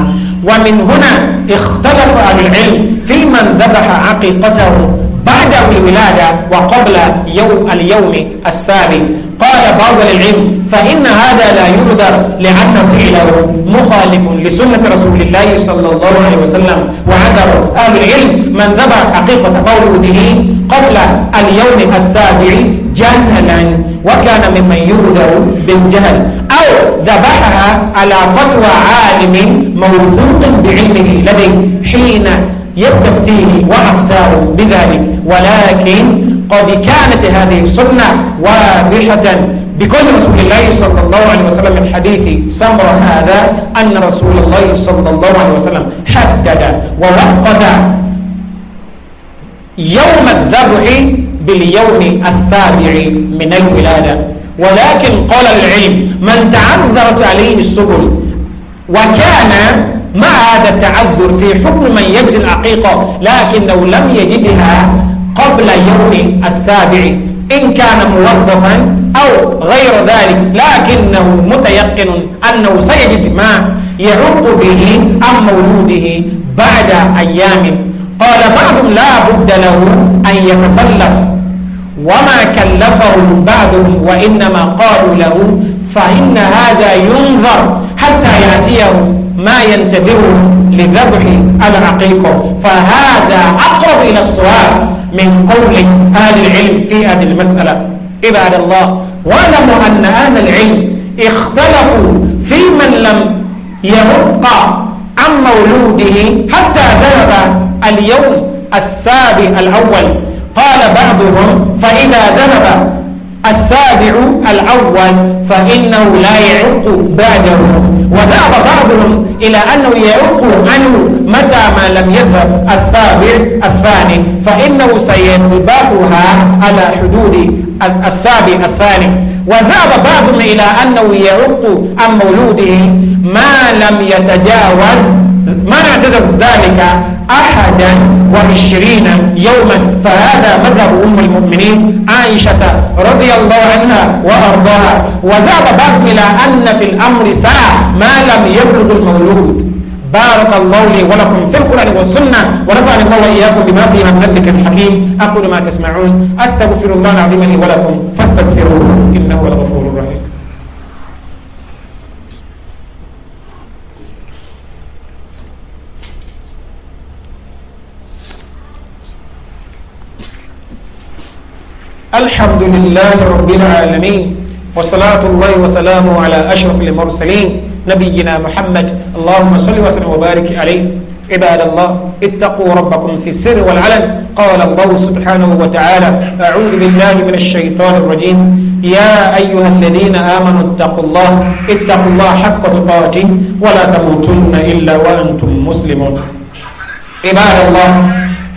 S2: ومن هنا اختلف أهل العلم في من ذبح عقيقته بعد الولادة وقبل يوم اليوم السابع قال بعض العلم فإن هذا لا يقدر لأن فعله مخالف لسنة رسول الله صلى الله عليه وسلم وعذر أهل العلم من ذبح حقيقة قوله قبل اليوم السابع جهلا وكان ممن يقدر بالجهل أو ذبحها على فتوى عالم موثوق بعلمه لديه حين يستفتيه وأفتاه بذلك ولكن قد كانت هذه السنة واضحة بكل رسول الله صلى الله عليه وسلم من حديث سمر هذا أن رسول الله صلى الله عليه وسلم حدد ووقد يوم الذبح باليوم السابع من الولادة ولكن قال العلم من تعذرت عليه السبل وكان مع هذا التعذر في حكم من يجد العقيقة لكن لو لم يجدها قبل يوم السابع إن كان موظفا أو غير ذلك لكنه متيقن أنه سيجد ما يعق به عن مولوده بعد أيام قال بعضهم لا بد له أن يتسلف وما كلفه بعضهم وإنما قالوا له فإن هذا ينظر حتى يأتيه ما ينتدر لذبح العقيق فهذا أقرب إلى الصواب من قول أهل العلم في هذه المسألة عباد الله واعلموا أن أهل العلم اختلفوا في من لم يرق عن مولوده حتى ذهب اليوم السابع الأول قال بعضهم فإذا ذهب السابع الأول فإنه لا يعق بعده وذهب بعضهم إلى أنه يعق عنه متى ما لم يذهب السابع الثاني فإنه سينبهها على حدود السابع الثاني وذهب بعضهم إلى أنه يعق عن مولوده ما لم يتجاوز ما يتجاوز ذلك أحدا وعشرين يوما فهذا مذهب أم المؤمنين عائشة رضي الله عنها وأرضاها وذهب بعض إلى أن في الأمر ساعة ما لم يبلغ المولود بارك الله لي ولكم في القرآن والسنة ونفعني الله وإياكم بما فيما من ذلك الحكيم أقول ما تسمعون أستغفر الله العظيم لي ولكم فاستغفروه إنه الغفور الحمد لله رب العالمين وصلاة الله وسلامه على أشرف المرسلين نبينا محمد اللهم صل وسلم وبارك عليه عباد الله اتقوا ربكم في السر والعلن قال الله سبحانه وتعالى أعوذ بالله من الشيطان الرجيم يا أيها الذين آمنوا اتقوا الله اتقوا الله حق تقاته ولا تموتن إلا وأنتم مسلمون
S1: عباد الله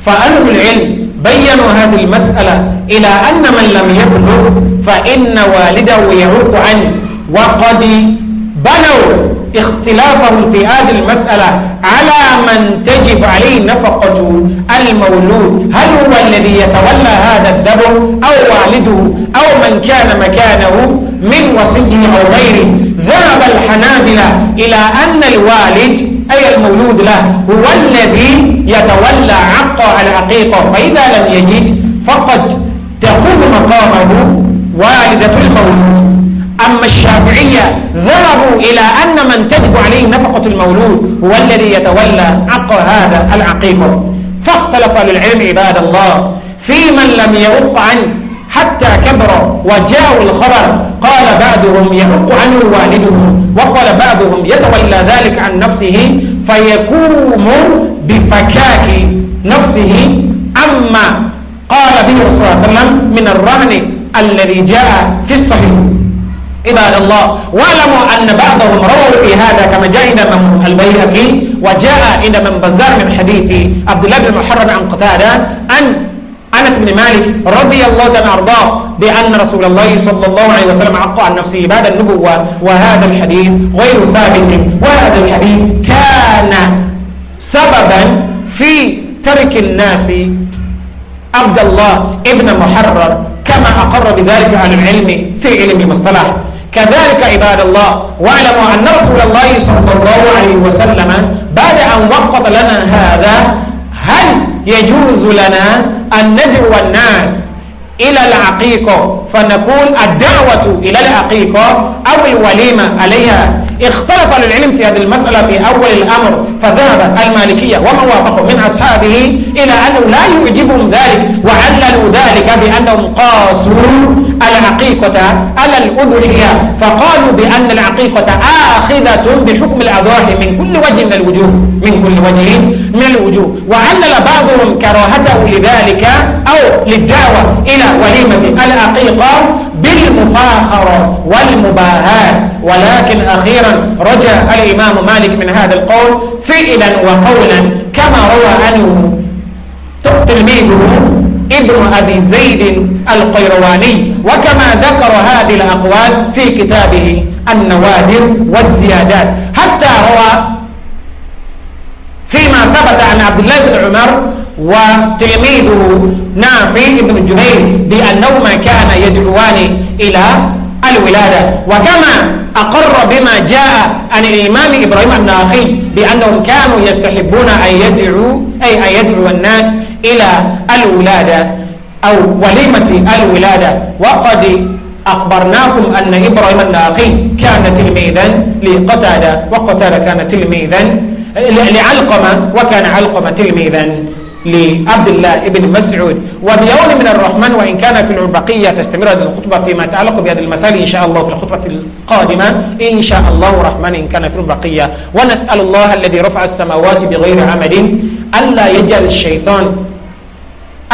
S2: فأهل العلم بينوا هذه المسألة إلى أن من لم يبلغ فإن والده يعوق عنه وقد بنوا اختلافهم في هذه المسألة على من تجب عليه نفقة المولود هل هو الذي يتولى هذا الدبر أو والده أو من كان مكانه من وصيه أو غيره ذهب الحنابلة إلى أن الوالد أي المولود له هو الذي يتولى عق العقيقة فإذا لم يجد فقد تقوم مقامه والدة المولود أما الشافعية ذهبوا إلى أن من تجب عليه نفقة المولود هو الذي يتولى عق هذا العقيقة فاختلف للعلم عباد الله في من لم يرق عنه حتى كبر وجاءوا الخبر قال بعضهم يحق عنه والده وقال بعضهم يتولى ذلك عن نفسه فيقوم بفكاك نفسه أما قال به صلى الله عليه وسلم من الرهن الذي جاء في الصحيح عباد الله واعلموا أن بعضهم رووا في هذا كما جاء عند من البيهقي وجاء عند من بزار من حديث عبد الله بن محرم عن قتادة أن أنس بن مالك رضي الله تعالى أرضاه بأن رسول الله صلى الله عليه وسلم عق عن نفسه بعد النبوة وهذا الحديث غير ثابت وهذا الحديث كان سببا في ترك الناس عبد الله ابن محرر كما أقر بذلك عن العلم في علم المصطلح كذلك عباد الله واعلموا أن رسول الله صلى الله عليه وسلم بعد أن وقت لنا هذا هل يجوز لنا أن ندعو الناس إلى العقيقة فنقول الدعوة إلى العقيقة أو الوليمة عليها اختلف العلم في هذه المسألة في أول الأمر فذهب المالكية ومن وافقه من أصحابه إلى أنه لا يعجبهم ذلك وعللوا ذلك بأنهم قاسوا العقيقة على الأذنية فقالوا بأن العقيقة آخذة بحكم الأضاحي من كل وجه من الوجوه من كل وجه من الوجوه وعلل بعضهم كراهته لذلك أو للدعوة إلى وليمة العقيقة بالمفاخرة والمباهات ولكن أخيرا رجع الإمام مالك من هذا القول فعلا وقولا كما روى عنه تلميذه ابن أبي زيد القيرواني وكما ذكر هذه الأقوال في كتابه النوادر والزيادات حتى روى فيما ثبت عن عبد الله بن عمر وتلميذه نافي بن جبير بأنهما كان يدعوان إلى الولادة وكما أقر بما جاء عن الإمام إبراهيم الناقي بأنهم كانوا يستحبون أن يدعوا أي أن يدعو الناس إلى الولادة أو وليمة الولادة وقد أخبرناكم أن إبراهيم الناقي كان تلميذا لقتادة وقتادة كان تلميذا لعلقمة وكان علقمة تلميذا لعبد الله ابن مسعود وبيوم من الرحمن وإن كان في العبقية تستمر هذه الخطبة فيما يتعلق بهذه المسألة إن شاء الله في الخطبة القادمة إن شاء الله الرحمن إن كان في العبقية ونسأل الله الذي رفع السماوات بغير عمد ألا يجعل الشيطان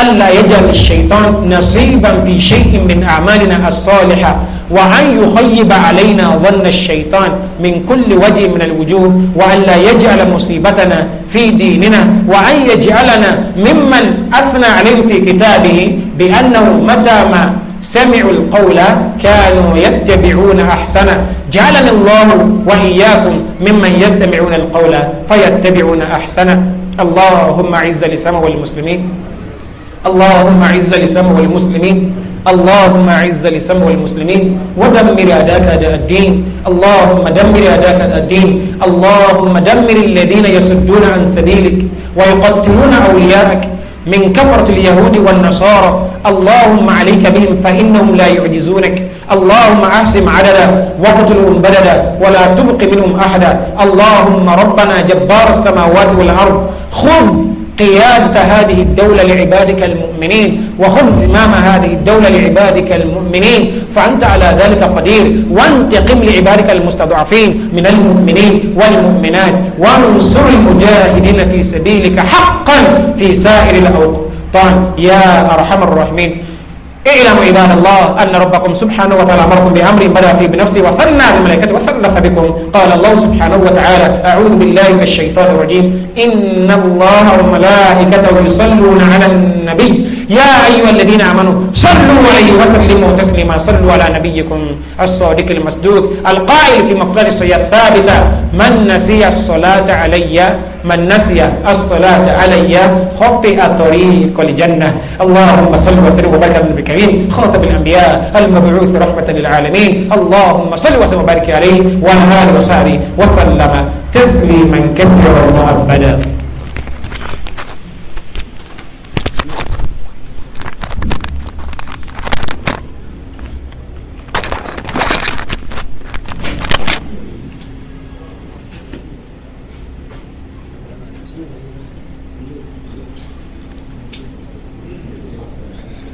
S2: ألا يجعل الشيطان نصيبا في شيء من أعمالنا الصالحة وأن يخيب علينا ظن الشيطان من كل وجه من الوجوه وأن لا يجعل مصيبتنا في ديننا وأن يجعلنا ممن أثنى عليه في كتابه بأنه متى ما سمعوا القول كانوا يتبعون أحسنه جعلنا الله وإياكم ممن يستمعون القول فيتبعون أحسنه اللهم اعز لسمه والمسلمين اللهم عز الإسلام والمسلمين اللهم عز الإسلام والمسلمين ودمر أداك أداء الدين اللهم دمر أداك أداء الدين اللهم دمر الذين يصدون عن سبيلك ويقتلون أولياءك من كفرة اليهود والنصارى اللهم عليك بهم فإنهم لا يعجزونك اللهم أحسم عددا واقتلهم بددا ولا تبق منهم أحدا اللهم ربنا جبار السماوات والأرض خذ قيادة هذه الدولة لعبادك المؤمنين وخذ زمام هذه الدولة لعبادك المؤمنين فأنت على ذلك قدير وانتقم لعبادك المستضعفين من المؤمنين والمؤمنات وانصر المجاهدين في سبيلك حقا في سائر الأوطان يا أرحم الراحمين اعلموا عباد الله أن ربكم سبحانه وتعالى أمركم بأمر بدأ فيه بنفسه وثنى بملائكته وثلث بكم قال الله سبحانه وتعالى أعوذ بالله من الشيطان الرجيم إن الله وملائكته يصلون على النبي يا أيها الذين آمنوا صلوا عليه وسلموا تسليما صلوا على نبيكم الصادق المصدوق القائل في مقدار الصيام الثابتة من نسي الصلاة علي من نسي الصلاة علي خطئ طريق الجنة اللهم صل وسلم وبارك على النبي الكريم خاتم الأنبياء المبعوث رحمة للعالمين اللهم صل وسلم وبارك عليه وعلى آله وصحبه وسلم تسليما كثيرا وأبدا